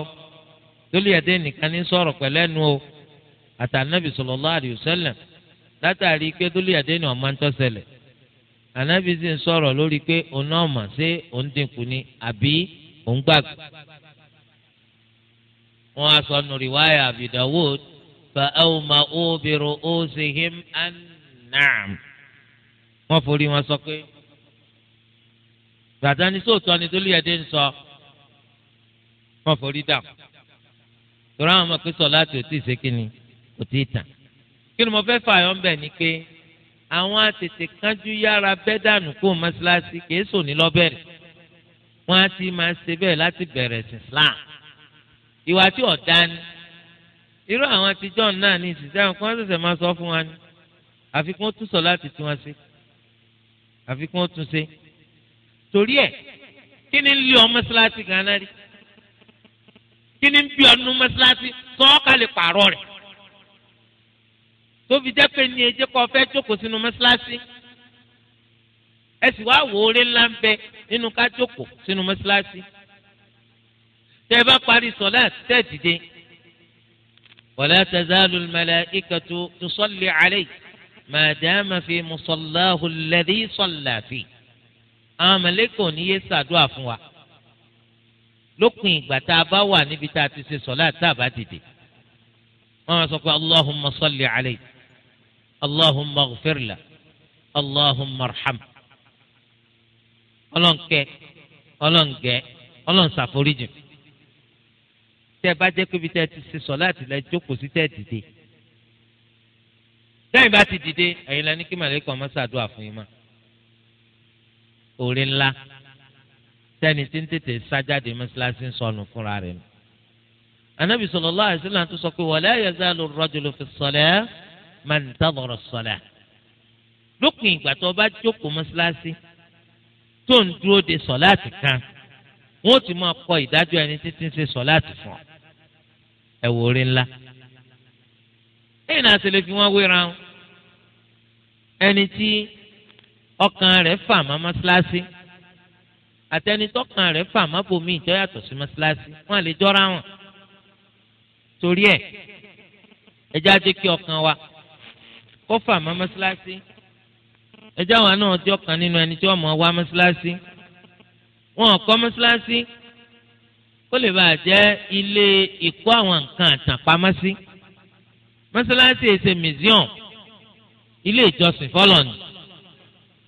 [SPEAKER 1] lórí ẹ̀dẹ́ nìkan ní sọ̀rọ̀ pẹ̀lú ẹnu o àtànàbì sallallahu alaihi wasallam látàrí pé lórí ẹ̀dẹ́ ni ọ̀ma ń tọ́sẹ̀lẹ̀ ànábì sì ń sọ̀rọ̀ lórí pé òun náà mà ṣé òun dínkù ni àbí òun gbàgbé wọn á sọ nù rìwáyà Abi Dawud fa awma'u bi ru'usihim an-na'am wọ́n forí wọn sọ pé gbàtà ni sóòtọ́ ni tó lóyèdè ń sọ wọ́n forí dà tòrọ àwọn ọmọ pé sọ láti òtí ìsékìní òtí ìtàn kí ni mo fẹ́ fà yọ̀ ń bẹ̀ ni pé àwọn àtètè kánjú yára bẹ́ dànù kó mọ́ṣáláṣí kìí sùn ní lọ́bẹ̀rẹ̀ wọ́n á ti máa ṣe bẹ́ẹ̀ láti bẹ̀rẹ̀ sí Islam ìwà tí ọ̀dá ni irú àwọn àtijọ́ náà ní ìsìtẹ́ àwọn kan ṣẹ̀ṣẹ̀ máa sọ fún wa ni àfikún tún sọ láti tiwọn sí àfi kí wọ́n tún ṣe torí ẹ̀ kí ni ń lé ọmọ mọ́ṣáláṣí gan-an rí kí ni ń bí ọdún mọ́ṣáláṣí sọ́ọ́kàlẹ̀ pààrọ̀ rẹ̀ tóbi jẹ́ pé ní ẹjẹ́ kọ́ fẹ́ jókòó sínú mọ́ṣáláṣí ẹ sì wá wò ó lé ńlá ń bẹ nínú ká jókòó sínú mọ́ṣáláṣí tẹ́ ẹ bá parí sọ̀lá tẹ́ ẹ dìde wala tazalu al-mala'ikatu tusalli alayhi ma dama fi musallahu alladhi salla fi àwọn mọ̀lẹ́kọ̀ ò ní yé ṣàdúrà fún wa lópin ìgbà tá a bá wà níbi tá a ti ṣe sọ̀lá tá a bá dìde wọ́n máa sọ pé allahumma salli alayhi allahumma ghfirla allahumma arham ọlọ́nkẹ́ ọlọ́ngẹ́ ọlọ́nsàforíjì tẹ́ bá jẹ́ pé ibi tẹ́ ti ṣe sọ̀lá àtìlẹ́jọ́ kò sí tẹ́ dìde sẹ́yìn bá ti dìde ẹ̀yin lẹ́ni kí màlẹ́kọ̀ ọmọ ṣàdúrà fún yín mọ́ òre ńlá sẹ́ni tí ń tètè sájáde mọ́ṣáláṣí ń sọnù fúnra rẹ̀ nù. anabi sallallahu alaihi wasallam tó sọ pé wala yazalu ar-rajulu fi s-salah man intadhara s-salah. lópin ìgbà tó bá jókòó mọ́ṣáláṣí tó ń dúró de sọ̀láàtì kan wọ́n ti máa kọ ìdájọ́ ẹni títí ń ṣe sọ̀láàtì fún ọ. ẹ wò ẹ̀yìn náà ṣe lè fi wọ́n wéra wọn ẹni tí ọkàn rẹ̀ fà má mọ́ṣáláṣí àtẹnitọ́kàn rẹ̀ fà má bomi ìjọyàtọ̀ sí mọ́ṣáláṣí wọ́n lè jọra wọn torí ẹ̀ ẹjẹ́ ajé kí ọkàn wa kó fà má mọ́ṣáláṣí ẹjẹ́ àwọn náà jẹ́ ọkàn nínú ẹni tí wọ́n mọ̀ wá mọ́ṣáláṣí wọn kọ́ mọ́ṣáláṣí kó lè bàa jẹ́ ilé ìkó àwọn nǹkan àtàpamọ́sí. Si mọ́sálásí èsè mìsíọ̀n ilé ìjọsìn fọlọ́ọ̀nì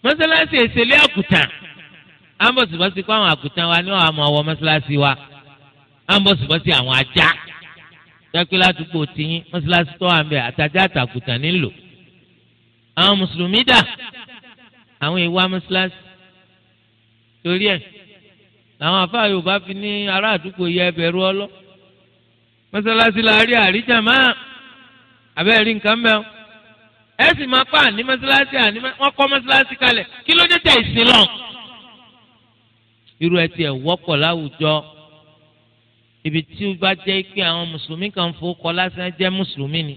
[SPEAKER 1] mọ́sálásí èsè ilé àgùtàn ámbọ̀sibọ́sí kó àwọn àgùtàn wa ní àwọn ọmọ mọ́sálásí wa ámbọ̀sibọ́sí àwọn ajá dákú ládùúgbò tiyín mọ́sálásí tó wà ń bẹ̀ àtàjá àtàgùtàn nílò àwọn mùsùlùmí dà àwọn ìwà mọ́sálásí torí ẹ̀ làwọn àfáà Yorùbá fi ní ará àdúgbò yẹ ẹbẹ̀rù ọlọ́ mọ́sálásí la rí àríjà máa abẹ́rẹ́ rí nǹkan o? ẹ sì máa pa àní mọ́sálásí àní wọ́n kọ́ mọ́sálásí kalẹ̀ kí ló dé tẹ̀ ìsìn lọ. irú ẹ tiẹ̀ wọ́pọ̀ láwùjọ ibi tí ó bá jẹ́ pé àwọn mùsùlùmí kan fò kọ́ lásán jẹ́ mùsùlùmí ni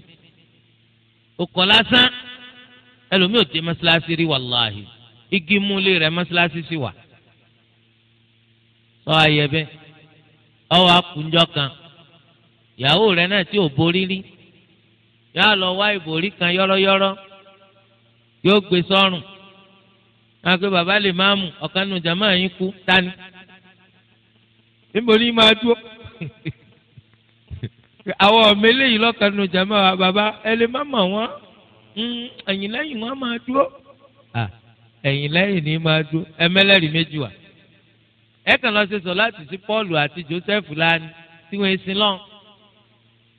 [SPEAKER 1] ó kọ́ lásán ẹlòmíì ò dé mọ́sálásí rí wàláhì igi múlé rẹ̀ mọ́sálásí sì wà. sọ ayẹ bẹ́ẹ̀ akunjọ kan ìyàwó rẹ̀ náà tí ò borí rí yóò lọ wá ìbòrí kan yọ́rọ́yọ́rọ́ yóò gbé sọ́rùn náà pé bàbá lè máa mú ọ̀kan nù jàmá yín kú tani níbo ni máa dúró (laughs) àwọn ọmọ eléyìí lọ́kàn nù jàmá wa bàbá ẹ lè má mọ̀ wọ́n hmm, ẹ̀yìn lẹ́yìn wọ́n máa dúró ẹ̀yìn lẹ́yìn ní máa dúró ẹ̀mẹ́lẹ́rìí méjì wà ẹ kàn lọ ṣe sọ láti sí Pọ́ọ̀lù àti Joseph lánìí tí wọ́n ń sin lọ́n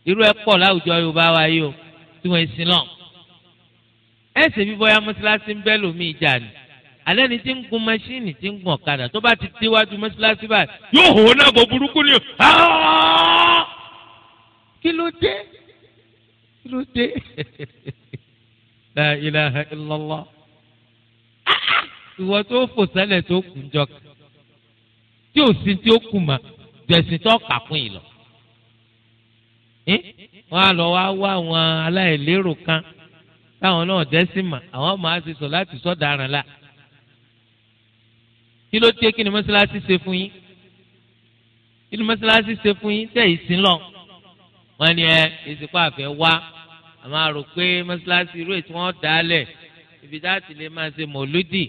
[SPEAKER 1] irú ẹ pọ̀ láwùjọ Yorùbá wa yìí o tí wọ́n sin lọ. ẹ ṣe bí bọ́yá mọ́ṣáláṣí ń bẹ́ lómi ìjà ni alẹ́ ni tí ń gun mẹ́ṣíìnì tí ń gun ọ̀kadà tó bá ti déwájú mọ́ṣáláṣí báyìí yóò hó náà bọ̀ burúkú ni kí ló dé kí ló dé la ilaha illallah ìwọ tó fò sẹ́lẹ̀ tó kùn jọ tí ò sí tí ó kù mà jẹ̀sìn tó kà fún yìí lọ wọ́n á lọ wá wá àwọn aláìlérò kan táwọn náà dẹ́sìmà àwọn máa ṣe sọ láti sọ̀daràn la kí ló dé kí ni mọ́ṣáláṣí ṣe fún yín kí ni mọ́ṣáláṣí ṣe fún yín tẹ̀ ìsìn lọ wọ́n ní ẹ ìsìnkú àfẹ́ wá a máa rò pé mọ́ṣáláṣí irú ètò wọn dá lẹ̀ ibi dáàtì lè máa ṣe mọ̀lúdì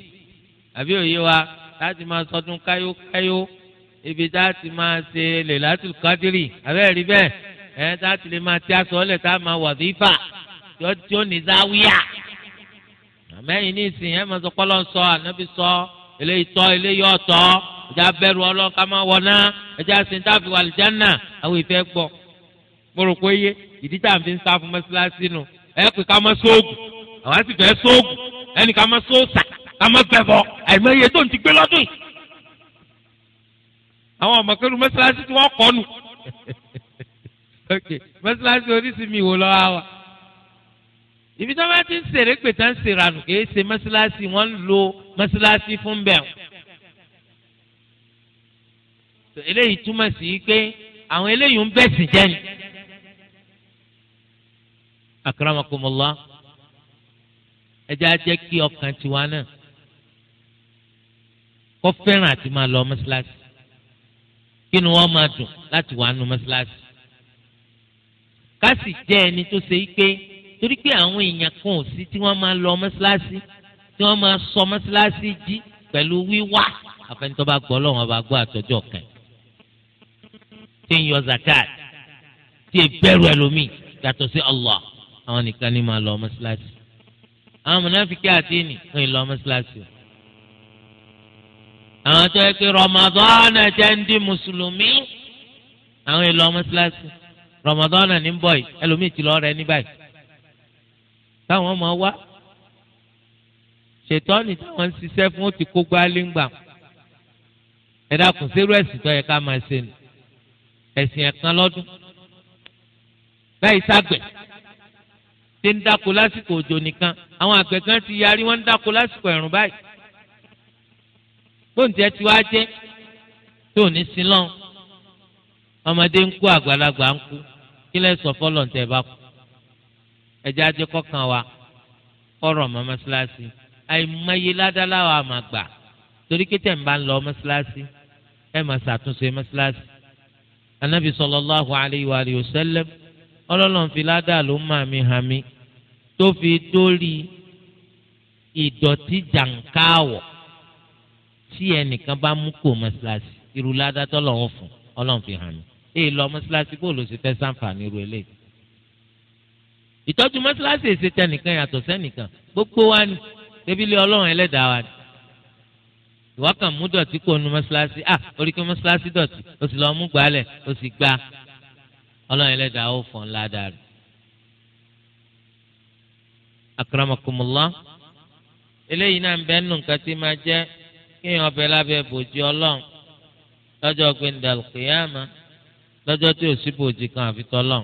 [SPEAKER 1] àbí òye wa láti máa sọdún káyókáyó ibi dáàtì máa ṣe lè látùkádìrì àbẹ́ẹ̀rí bẹ́ẹ̀ ẹ tá a ti lè máa ti aṣọ ọlẹ tá a máa wàdífà tó tó ní záwíà àmẹ́yìn ní ìsìn ẹ máa sọ pọ́lọ́ sọ ànábì sọ eléyìí tọ́ eléyìí ọ̀tọ̀ ẹjẹ́ abẹ́rù ọlọ́run ká máa wọ̀ náà ẹjẹ́ asin tá a fi wà lìjánà àwọn ìfẹ́ gbọ́ mo rò pé yé ìdí tá à ń fi ń sá fún mọ́ṣáláṣí nu ẹ pé ká má sóògùn àwọn àti fẹ́ sóògùn ẹnì ká má sóòsà ká má gbẹ̀bọ̀ àìmọye tó ń ti gbé lọ́dún yìí àwọn ọmọ kẹrù mọ́ṣáláṣí tí wọ́n kọ́ nù ok mọ́sálásí orísìmí wo lọ́wọ́ wa ibi tí wọ́n bá ti ń sèré pè tá ń sèrànù kì í ṣe mọ́sálásí wọ́n ń lo mọ́sálásí fún bẹ́ẹ̀ eléyìí túmọ̀ sí pé àwọn eléyìí ń bẹ̀sìn jẹ́ ni akaramakomola ẹjẹ ajẹ kí ọkàn tiwa náà kó fẹ́ràn àti máa lọ mọ́sálásí kí ni wọ́n máa dùn láti wà nù mọ́sálásí ká sì jẹ́ ẹni tó ṣe é pé torí pé àwọn èèyàn kan ò sí tí wọ́n máa lọ mọ́ṣáláṣí tí wọ́n máa sọ mọ́ṣáláṣí jí pẹ̀lú wíwá àfẹnitọ́ gbọ́ lọ́wọ́ bá gbọ́ àtọ́jọ́ kan tí ń yọ zakat tí ì bẹ̀rù ẹlòmíì yàtọ̀ sí Allah àwọn nìkan ní máa lọ mọ́ṣáláṣí àwọn mọ̀nàfíkì àti ìní ń lọ mọ́ṣáláṣí o àwọn tó yẹ pé Ramadan ẹ̀jẹ̀ ń di mùsùlùmí àwọn ìlọ mọ́ṣáláṣí Ramadan ní bọ̀ yìí ẹlòmíì ti lọ rẹ ní báyìí táwọn ọmọ wá ṣètọ́ni táwọn ń ṣiṣẹ́ fún ó ti kó gbálíngbà ẹ dákun ṣerú ẹ̀sìn tó yẹ ká máa ṣe nù ẹ̀sìn ẹ̀kan lọ́dún láì ságbẹ̀ ṣe ń dáko lásìkò òjò nìkan àwọn àgbẹ̀ kan ti yarí wọ́n ń dáko lásìkò ọmọdé ń kú àgbàlagbà ń kú kí lẹ sọ fọlọ ntẹ bá kú ẹjẹ ajẹ kọkàn wa ọ̀rọ̀ mọ mọ́sálásí àìmọye ládáláwa àmà gbà torí kété ń bá ń lọ mọ́sálásí ẹ máa ṣàtúnṣe mọ́sálásí anabi sallallahu alayhi wa alihi wa sallam ọlọ́lọ́n fi ládàá ló máa mi hàn mí tó fi dórí ìdọ̀tí jàǹkáwọ̀ tí ẹnìkan bá mú kó mọ́sálásí irú ládàá tọ́lọ́run fún ọlọ́run fi hàn mí èè lọ mọ́ṣáláṣí bóòlù sì fẹ́ sàǹfààní ru eléyìí. ìtọ́jú mọ́ṣáláṣí èsì tẹnìkan yàtọ̀ sẹ́nìkan gbogbo wa ni débìlì ọlọ́run ẹlẹ́dàá wa ni. ìwà kan mú dọ̀tí kó nu mọ́ṣáláṣí à orí kí mọ́ṣáláṣí dọ̀tí o sì lọ mú gbálẹ̀ o sì gba ọlọ́run ẹlẹ́dàá ó fọ́n ládàá rẹ̀. akramakumullah eléyìí náà ń bẹ nù nǹkan tí máa jẹ́ kéèyàn ọbẹ̀ lábẹ́ bòjú ọlọ́run lọ́jọ́ gbẹ̀ndàlùkìyàmá lọ́jọ́ tí ò síbò jì kan àfi tọ́lọ̀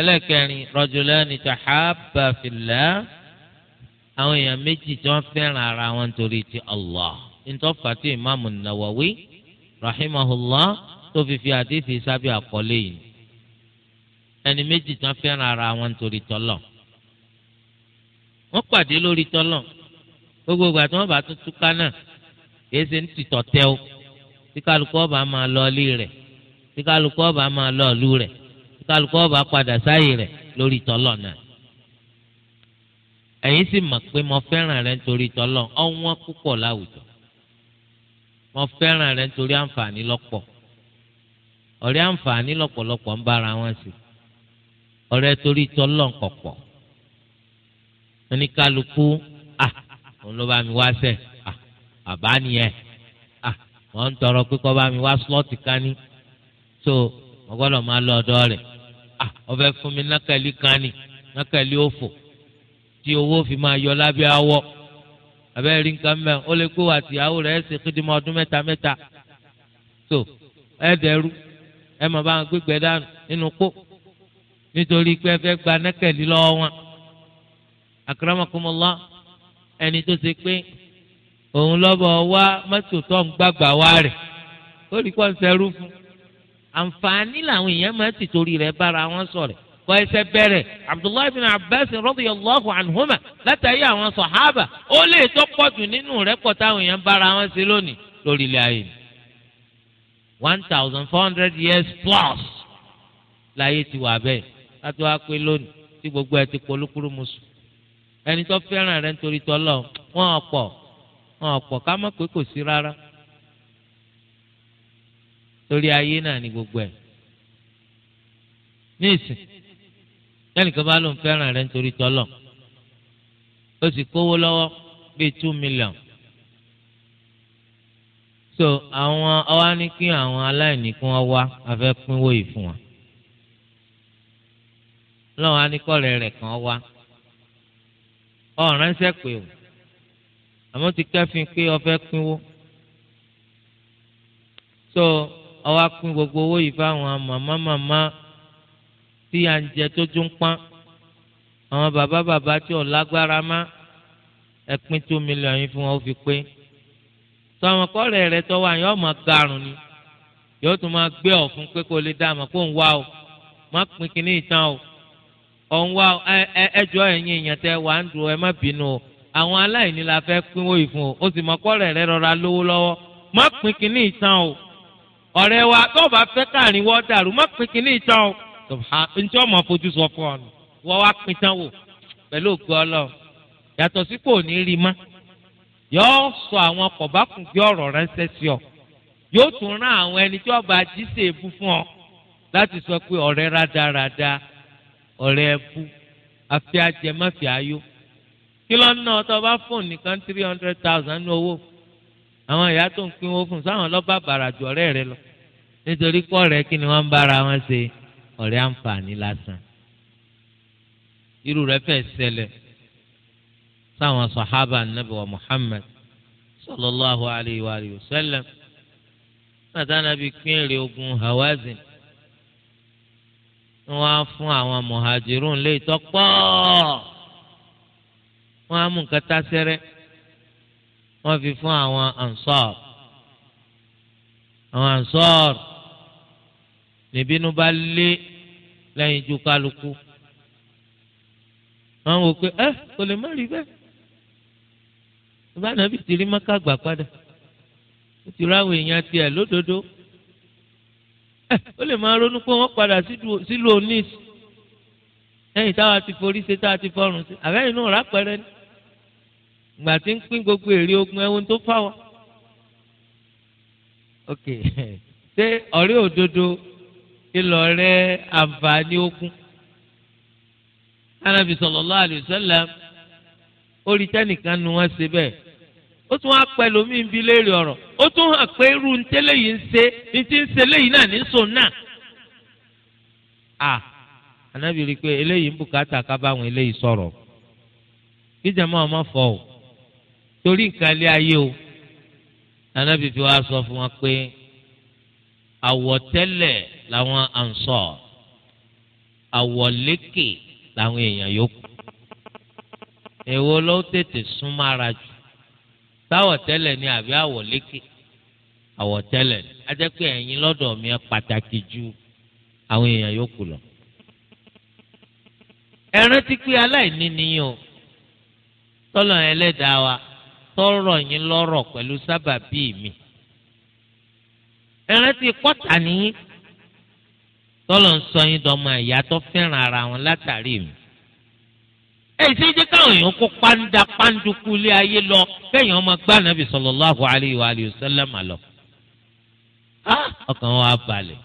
[SPEAKER 1] ẹlẹ́kẹrin rajulani tahabba fillah àwọn èèyàn méjì tí wọ́n fẹ́ràn ara wọn nítorí ti Allah ntọ́fà tí ìmáàmù Nawawi rahimahullah tó fi fi àdéhìí sábẹ́ àkọlé yìí ẹni méjì tí wọ́n fẹ́ràn ara wọn nítorí tọ́lọ̀ wọ́n pàdé lórí tọ́lọ̀ gbogbo ìgbà tí wọ́n bá tún túká náà kìí ṣe ní tìtọ̀ tẹ́ o tí kálukú ọba máa lọ ilé rẹ̀ tí kálukú ọba máa lọ ìlú rẹ̀ tí kálukú ọba padà sáyè rẹ̀ lórí tọ́lọ̀ náà ẹ̀yin sì mọ̀ pé mo fẹ́ràn rẹ nítorí tọ́lọ̀ ọ̀wọ́n púpọ̀ láwùjọ mo fẹ́ràn rẹ nítorí àǹfààní lọ́pọ̀ ọ̀rẹ́ àǹfààní lọ́pọ̀lọpọ̀ ń bára wọn sí ọ̀rẹ́ torí tọ́lọ̀ kọ̀pọ̀ oníkálukú à òun ló bá mi wá sẹ́ à bàbá nìyẹn à wọ́n ń tọrọ pé kọ́ bá mi wá slọ́ọ̀tì ká ní so mo gbọ́dọ̀ máa lọ ọ̀dọ̀ rẹ̀ ah ọ̀fẹ́ fún mi nákàlí kánì nákàlí òfò tí owó fi máa yọ lábẹ́ awọ abẹ́ rí nǹkan mẹ́rin ó lè pé wà tìyàwó rẹ̀ ẹ̀ ọdún mẹ́ta mẹ́ta so ẹ̀ dẹ̀rú ẹ̀ mọ̀ bá wọn gbígbẹ́ dànù nínú pò nítorí pé ẹ fẹ́ gba nákàlí lọ́wọ́ wọn akramakumullah ẹni tó ṣe pé òun lọ́bọ̀ wá mọ́tò tó ń gbàgbà wá rẹ̀ ó rí kọ́ ń ṣerú fún un àǹfààní làwọn èèyàn máa ti torí rẹ̀ bára wọn sọ̀rọ̀ kọ ẹsẹ̀ bẹ̀rẹ̀ abdullahi bin abbas radiyallahu anhuma látàrí àwọn sọhábà ó lè tó pọ̀jù nínú rẹ́pọ̀ táwọn èèyàn bára wọn sí lónìí lórí ilẹ̀ ayé one thousand four hundred years plus láyé ti wà bẹ́ẹ̀ láti wá pé lónìí tí gbogbo ẹ ti polúkúrú mu sùn ẹni tó fẹ́ràn rẹ̀ nítorí tọ́lọ́ wọn ọ̀pọ̀ wọn ọ̀pọ̀ ká má pé kò sí rárá torí ayé náà ni gbogbo ẹ̀ ní ìsìn lẹ́nìkan bá lóun fẹ́ràn rẹ̀ nítorí tọ́lọ̀ ó sì kówó lọ́wọ́ bíi two million so àwọn ọwá ní kí àwọn aláìní kí wọ́n wá afẹ́ pínwó yìí fún wa lọ́wọ́ aníkọ́rẹ́ rẹ̀ kan wá ọ̀ránṣẹ́ pé o àmọ́ ti kẹ́fin pé ó fẹ́ pínwó so ọwọ́ pín gbogbo owó yìí fáwọn màmá màmá tí à ń jẹ tójú ń pọ́n àwọn bàbá bàbá tí ò lágbára má ẹ pín two million yìí fún wọn ó fi pé tó àwọn kọ́rẹ́ rẹ tọ́wọ́ àyàn ọmọ garùn ni yóò tún máa gbé ọ̀fun pé kó lè dá àmọ́ kó ń wá o má pín kínní ìtàn o ọ̀ ń wá o ẹjọ́ ẹ̀yin èèyàn tẹ wà ń dùn ẹ má bínú o àwọn aláìní la fẹ́ pínwó yìí fún o ó sì mọ kọ́rẹ́ rẹ rọra lówó lọ́wọ́ má pín kínní ìtàn o ọ̀rẹ́ wa tó bá fẹ́ káàrin wọ́n dàrú má pín kínní ìtàn o ǹjẹ́ ọmọ fojú sọ fún ọ nù wọ́n wá pín tán wò pẹ̀lú ògùn ọlọ́run yàtọ̀ sí kò ní rí má yóò sọ àwọn kọ̀bákùngbé ọ̀rọ̀ ránṣẹ́ sí ọ yóò tún rán àwọn ẹni tí ọba jíṣe ebú fún ọ láti sọ pé ọ̀rẹ́ rádaràda ọ̀rẹ́ ẹbú àfi ajẹmọ́fì ayó kí lọ́nà tó bá fóònù nìkan three hundred thousand ní owó fún àwọn ìyá tó ń pín owó fún sáwọn lọ́ba bàrà ju ọ̀rẹ́ rẹ lọ nítorí kọ́ ọ̀rẹ́ kí ni wọ́n ń bára wọn ṣe ọ̀rẹ́ àǹfààní lásán irú rẹ fẹ́ ṣẹlẹ̀ sáwọn sàhábà nàbì wa Muhammad sallallahu alayhi wa sallam nàtànàbí pín èrè ogun Hawazin wọ́n á fún àwọn muhajirun lè tọ́pọ̀ wọ́n á mú nǹkan tá sẹ́rẹ́ wọ́n fi fún àwọn ansar àwọn ansar níbínú bá lé lẹ́yìn ju kálukú wọ́n wò pé ẹ kò lè má rí bẹ́ẹ̀ ìbáná bí ti rí mọ́ká gbà padà ó ti ráwọ̀ èèyàn tiẹ̀ lódodo ẹ ó lè máa ronú pé wọ́n padà sílùú oníṣ lẹ́yìn táwa ti forí ṣe táwa ti fọrùn ṣe àbẹ́yìn náà rápẹ́rẹ́ ni. gbà tí ń pín gbogbo èrè ogun ewu tó fà wọ́n. ok ṣé ọ̀rẹ́ òdodo ìlọ rẹ àǹfààní ogun anabi sallallahu alaihi wasallam orí tẹnìkan nu wọn ṣe bẹ́ẹ̀ ó tún pẹ̀lú bi léèrè ọ̀rọ̀ ó tún hàn pé irú ń tẹ́lẹ̀ yìí ń ṣe ní ti ń ṣe léyìí náà ní sùn náà à rí bùkátà ká torí nǹkan ilé ayé o anábì fi wá sọ fún wọn pé àwọ̀tẹ́lẹ̀ làwọn ànsọ̀ àwọ̀lékè làwọn èèyàn yòókù èwo ló tètè súnmára jù sáwọ̀tẹ́lẹ̀ ni àbí àwọ̀lékè àwọ̀tẹ́lẹ̀ ni a jẹ́ pé ẹ̀yin lọ́dọ̀ mi pàtàkì ju àwọn èèyàn yòókù lọ ẹ rántí pé aláìní nìyẹn o tọ́lọ̀ ẹlẹ́dàá wa sọ̀rọ̀ yín lọ́rọ̀ pẹ̀lú sábàbí mi ẹran ti kọ́ta nìyí tọ́lọ̀ ń sọ yín dọ́mọ ìyá tó fẹ́ràn ara wọn látàrí mi èyí tí jẹ́ káwọn èèyàn kó pàǹdà pàǹdùkú ilé ayé lọ kẹ́yìn ọmọ gbá nàbì sallallahu alayhi wa alihi wa sallam lọ ọkàn wa balẹ̀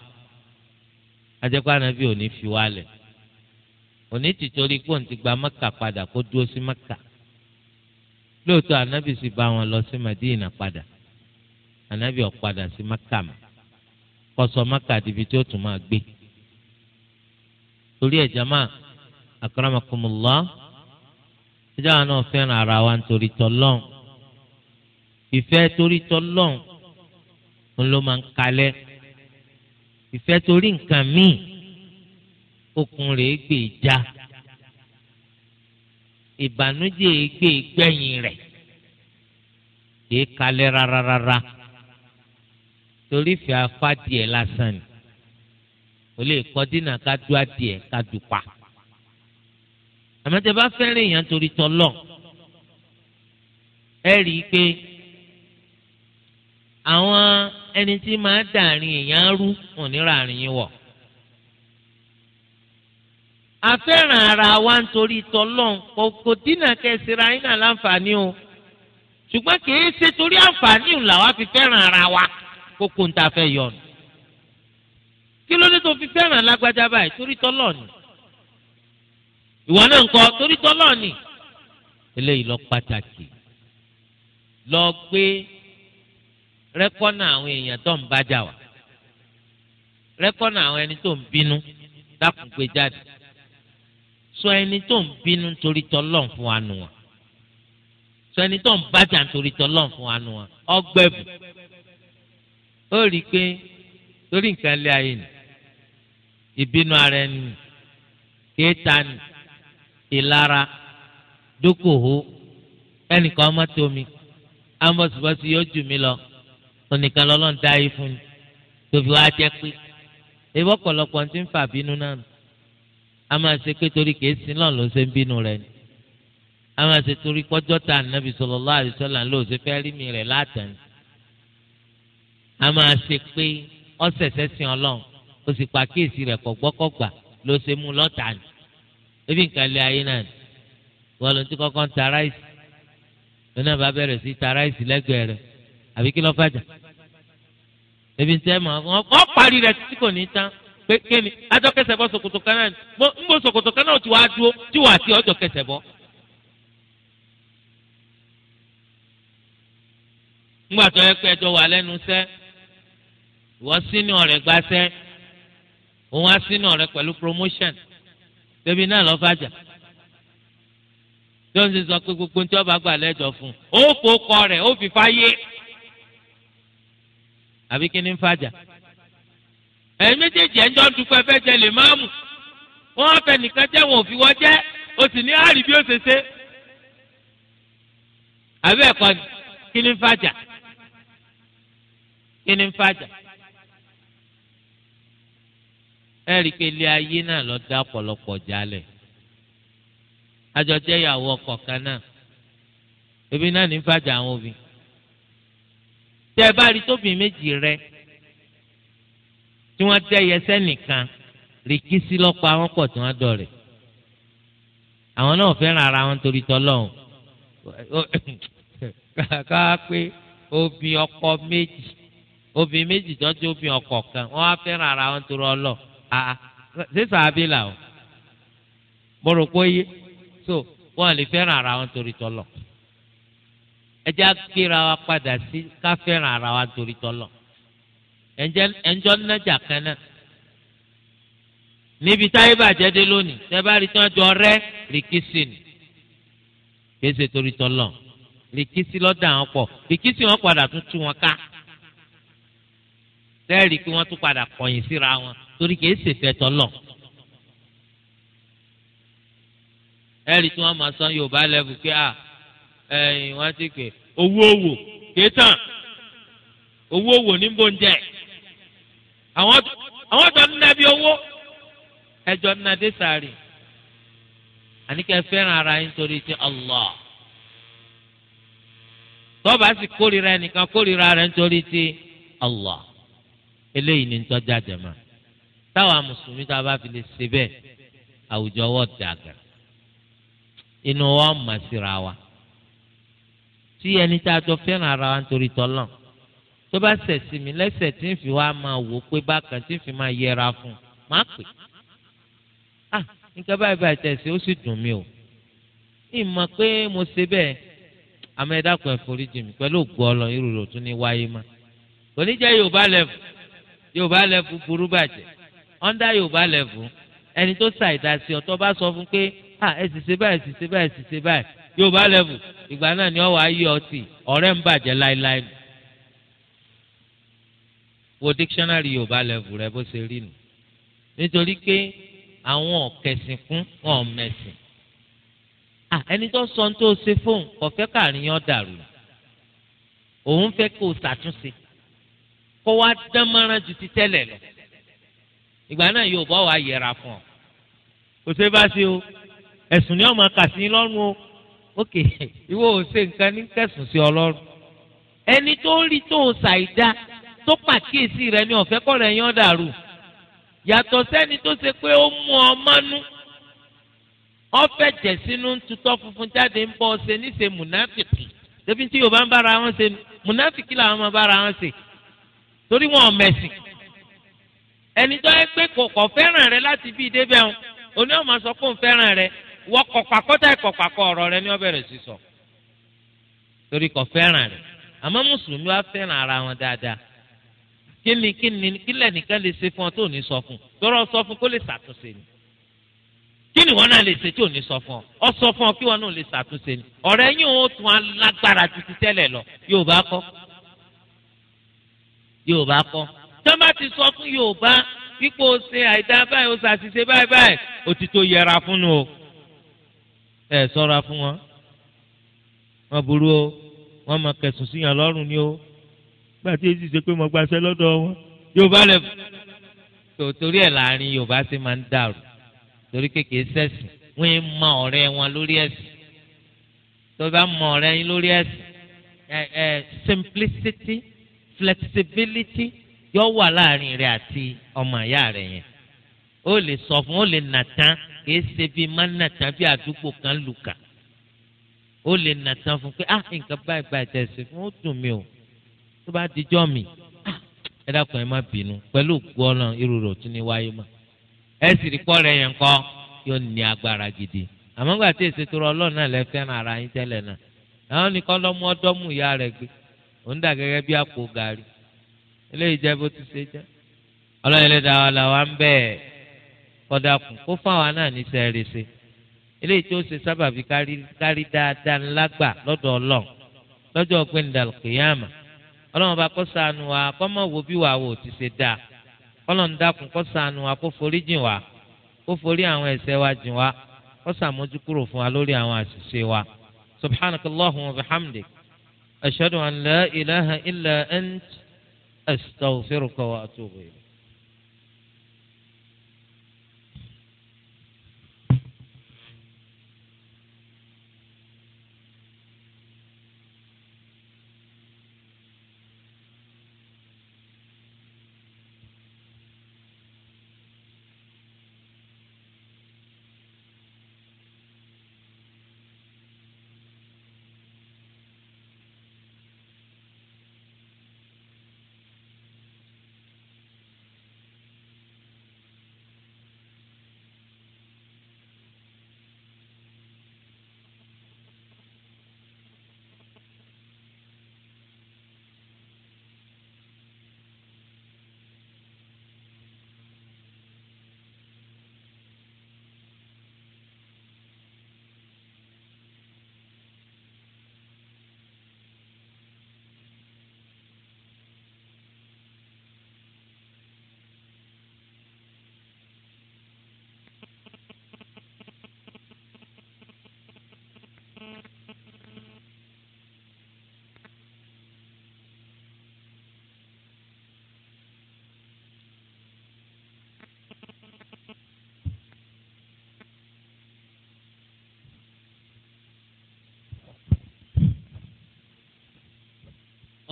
[SPEAKER 1] ajẹ́pẹ́ ànábì ò ní fi wálẹ̀ òní tìtorí pé òun ti gba mẹ́kà padà kó dúró sí mẹ́kà lóòótọ́ anabi sì bá wọn lọ sí madina padà anabi ó padà sí maka mọ́ kọsọ maka dìbí tí ó tún máa gbé torí ẹ̀ jama akramakumullah ẹjọ́ àwọn náà fẹ́ràn ara wa nítorí tọ́lọ́n ìfẹ́ torí tọ́lọ́n ń ló máa ń kalẹ̀ ìfẹ́ torí nǹkan míì okùn rèé gbé ìjà. E ìbànújẹ́ gbé gbẹ̀yìn rẹ̀ kì í kalẹ̀ rárára torí fi afádìẹ lásán ni o lè kọ́ dínà ká du adìẹ ká du pa àmọ́tẹ́ bá fẹ́ràn èèyàn torí tọ́lọ̀ ẹ rí i pé àwọn ẹni tí máa dàrin èèyàn rú wọn ní ràrin yín afẹ́ràn ara wa nítorí tọ́lọ́n kò dínà kẹsìrà yín náà láǹfààní o ṣùgbọ́n kì í ṣe torí àǹfààní òun làwa fi fẹ́ràn ara wa kókó ń ta fẹ́ yọnu kí ló dé tó fi fẹ́ràn lágbájá báyìí torí tọ́lọ́ ni ìwọ náà ń kọ torí tọ́lọ́ ni eléyìí lọ pàtàkì lọ gbé rẹ́kọ́nà àwọn èèyàn tó ń bájà wá rẹ́kọ́nà àwọn ẹni tó ń bínú dákùn gbé jáde sọ ẹni tó ń bínú torí tọlọ́n fún wa nù wọn sọ ẹni tó ń bàjá torí tọlọ́n fún wa nù ọgbẹ́bù ó rí i pé torí nǹkan lé ayé ni ìbínú ara ẹni kéèta ni ìlara dókòwò ẹnìkan ọmọ tómi amọ̀sibọ́sí yóò jù mí lọ onìkan lọ́lọ́ ń dá yìí fún mi tòbí wàá jẹ́ pé ìwọ́pọ̀lọpọ̀ ti ń fà bínú náà a máa ṣe pé torí kìí sin náà ló ń ṣe ń bínú rẹ ni a máa ṣe torí pọ́jọ́ tá ànábì sallallahu alaihi wasallam ló ṣe fẹ́ rí mi rẹ̀ látàn a máa ṣe pé ọ̀sẹ̀sẹ̀ sin ọlọ́run ó sì pa kéèsì rẹ̀ kọ̀gbọ́kọ̀gbà ló ṣe mú lọ́tà ni ebi nǹkan lé ayé náà ni wọ́n lọ sí kọ́kọ́ ń ta ráìsì lónà bá bẹ̀rẹ̀ sí ta ráìsì lẹ́gbẹ̀ẹ́ rẹ̀ àbí kí lọ́ fàjà ebi ń tẹ́ mọ́ ọ parí rẹ̀ títí kò ní tán pé kéènì ajọ́ kẹsẹ̀ bọ́ ṣòkòtò kan náà mo ń bọ́ ṣòkòtò kan náà tí wàá dúró tí wàá ti ọjọ́ kẹsẹ̀ bọ́. ńgbà tó yẹ pé ẹjọ́ wà lẹ́nu sẹ́ ìwọ sínú ọ̀rẹ́ gbaṣẹ́ òun á sínú ọ̀rẹ́ pẹ̀lú promotion bébí náà lọ́ fàjà tó ń ṣe sọ pé gbogbo ní tí wọ́n bá gbà lẹ́jọ́ fún un ó fò kọ rẹ̀ ó fi fáyé àbí kí ni fàjà ẹ̀yin méjèèjì ẹ̀jọ́ dúpẹ́ fẹ́ jẹ lè máàmù wọ́n á fẹ́ nìkan jẹ́ wọn ò fi wọ́n jẹ́ o sì ní àárí bí ó ṣe ṣe. àbí ẹ̀kọ́ ni kí ni ń fàjà kí ni ń fàjà. ẹ rí i pé ilé ayé náà lọ dá ọ̀pọ̀lọpọ̀ jálẹ̀ àjọjẹ́ ìyàwó ọkọ̀ kan náà ebi náà ní ń fàjà àwọn obìnrin. tẹ́ ẹ bá rí tóbi méjì rẹ tí wọ́n tẹ́ yẹsẹ́ nìkan rìkísí lọ́pọ̀ àwọn pọ̀ tí wọ́n dọ̀rẹ̀ àwọn náà fẹ́ràn ara wọn torí tọ́lọ́hún (coughs) ká pé obì ọkọ méjì obì méjì tọ́jú obì ọkọ kan wọ́n á ara wọn torí ọlọ́ àá sísà o mo rò pé yé so wọ́n lè fẹ́ràn ara wọn torí tọ́lọ́ ẹ já gbéra wa padà sí ká fẹ́ràn ara wa torí tọ́lọ́ ẹnjọ́ nájà kan náà níbi táyé bàjẹ́ dé lónìí tẹ́bá rí tí jọ rẹ́ rìkísì ni kéésì torí tọ́lọ̀ rìkísì lọ́dà wọn pọ̀ rìkísì wọn padà tún tú wọn ká lẹ́ẹ̀rí kí wọ́n tún padà kọ̀yìn síra wọn torí kéésì fẹ́ tọ́lọ̀ ẹ̀rí tí wọ́n máa sọ Yorùbá lẹ́bù pé à ẹ̀yìn wọ́n ti pè owó òwò kéétàn owó òwò ní bóńjẹ́ àwọn àwọn tó ń nàbí owó ẹjọ ń nàdé sàárì àníkẹ́ fẹ́ràn ara yín torí ti Allah tọ́ba sì kórìíra ẹnìkan kórìíra rẹ̀ nítorí ti Allah eléyìí ni ń tọ́jà jẹ̀mọ́ táwa mùsùlùmí tá a bá fi lè ṣe bẹ́ẹ̀ àwùjọ wọ́ọ̀ dàgbà inú wa mà síra wa tí ẹni tá a jọ fẹ́ràn ara wa nítorí tọ́lọ́n tó bá ṣẹ̀ sí mi lẹ́sẹ̀ tí ń fi wá máa wò pé bákan tí ń fi máa yẹra fún un má pè á ah, nǹkan báyìí báyìí tẹ̀sí ó sì dùn mí o ìmọ̀ pé mo ṣe bẹ́ẹ̀ àmọ́ ẹ dákun ẹ forí jì mí pẹ̀lú ògbó ọlọ irú rò tún ní wáyé má kò ní jẹ́ Yorùbá lẹ́fù Yorùbá lẹ́fù burú bàjẹ́ ọ́ndà Yorùbá lẹ́fù ẹni tó ṣàìdá sí ọ bá sọ fún pé à ah, ẹ ṣe báyìí sì ṣe báyìí sì ṣe báyìí Yorùbá lẹ́fù ìgbà náà ni ọ wàá ọtí ọ̀rẹ́ ń bàjẹ́ láéláé nù wo dictionary yorùbá level rẹ bó ṣe rí nu nítorí pé àwọn ọ̀kẹ́sìn kún wọn mẹ̀sìn ẹni tó sọ tó ṣe fóun kò fẹ́ káàríyàn dàrú òun fẹ́ kó o kó wá dán ju ti tẹ́lẹ̀ lọ ìgbà náà yorùbá wà yẹra fún ọ kò ṣe bá ṣe o ẹ̀sùn ni ọmọ kàṣí lọ́rùn o ókè (laughs) ìwọ ò ṣe nǹkan ní kẹsùn sí ọlọ́run ẹni tó rí tó ṣàìdá tó pàkíyèsí rẹ ní ọ̀fẹ́ kọ́ rẹ̀ yán dàrú yàtọ̀ sẹ́ni tó ṣe pé ó mú ọ mánú ọ̀fẹ́ jẹ̀ sínú tutọ́ funfun jáde ń bọ́ ṣe níṣe mùnáfìkì débi tí yorùbá ń bára wọn ṣe mùnáfìkì làwọn máa bára wọn ṣe torí wọn ò mẹ̀sìn ẹni tó yẹ pé kò fẹ́ràn rẹ láti bí débẹ̀ wọn oní ọmọ sọ pé òun fẹ́ràn rẹ wọ́n kọ̀pàkọ́tà ìkọ̀pàkọ́ ọ̀rọ̀ rẹ ni wọ́n bẹ̀rẹ̀ sí torí kò fẹ́ràn rẹ àmọ́ mùsùlùmí wa fẹ́ràn ara wọn dáadáa kíni kíni kílẹ̀ nìkan lè ṣe fún ọ tó ní sọ fún tọrọ sọ fún kó lè ṣàtúnṣe ni kíni wọn náà lè ṣe tí ò ní sọ fún ọ ọ sọ fún ọ kí wọn náà lè ṣàtúnṣe ni ọ̀rẹ́ yín ó tún alágbára títí tẹ́lẹ̀ lọ Yorùbá kọ́ Yorùbá kọ́ tọ́ba ti sọ fún Yorùbá pípò ṣe àìdá báyìí ó ṣàṣìṣe báyìí báyìí òtítọ́ yẹra fún nu o ẹ ṣọ́ra fún wọn wọn burú o wọn máa kẹsùn síyàn lọ́rùn ni o gbàtí èsì ṣe pé mo gbàṣẹ lọ́dọ̀ wọn yorùbá lẹ tó torí ẹ̀ láàrin yorùbá sì máa ń dàrú torí kékeré sẹ́sìn wọ́n ń mọ ọ̀rẹ́ wọn lórí ẹ̀sìn tó bá mọ ọ̀rẹ́ yín lórí ẹ̀sìn ẹ ẹ simplicity flexibility yóò wà láàrin rẹ àti ọmọ ìyá rẹ yẹn ó lè sọ fún ó lè nàtán kìí ṣe bíi má nàtán bí àdúgbò kan lùkà ó lè nàtán fún pé ah nǹkan báyìí báyìí tẹ̀sí fún ó dùn mí o tó bá dijọ́ mi ẹ dákun ẹ má bínú pẹ̀lú gbọ́nà irú tún ní wáyé mọ́ ẹ sì rí pọ́ọ̀rẹ́ yẹn kọ́ yóò ní agbára gidi àmọ́ gbà tí èsì tó rọ ọlọ́run náà lẹ ara yín tẹ́lẹ̀ náà àwọn nìkan lọ́mú ọdọ́mù ìyá rẹ̀ gbé òun dà gẹ́gẹ́ bí àpò gàrí eléyìí jẹ́ bó ti ṣe jẹ́ ọlọ́run wa là wá ń bẹ̀ kọ́dàkùn kó náà ní eléyìí tó ṣe sábàbí kárí ọlọ́run bá kó ṣàánú wa kó mọ̀ wo bí wàá wò ti ṣe dáa ọlọ́run dákun kó ṣàánú wa kó forí jìn wa kó forí àwọn ẹ̀ṣẹ̀ wa jìn wa kó ṣàmójúkúrò fún wa lórí àwọn àṣìṣe wa subhanakallahumma wa bihamdik ashhadu an la ilaha illa ant astaghfiruka wa atubu ilayk.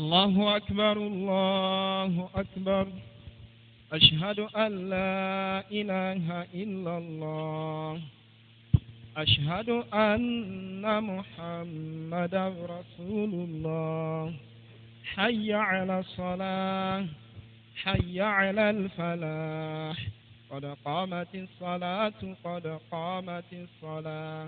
[SPEAKER 1] الله أكبر الله أكبر أشهد أن لا إله إلا الله أشهد أن محمدا رسول الله حي على الصلاة حي على الفلاح قد قامت الصلاة قد قامت الصلاة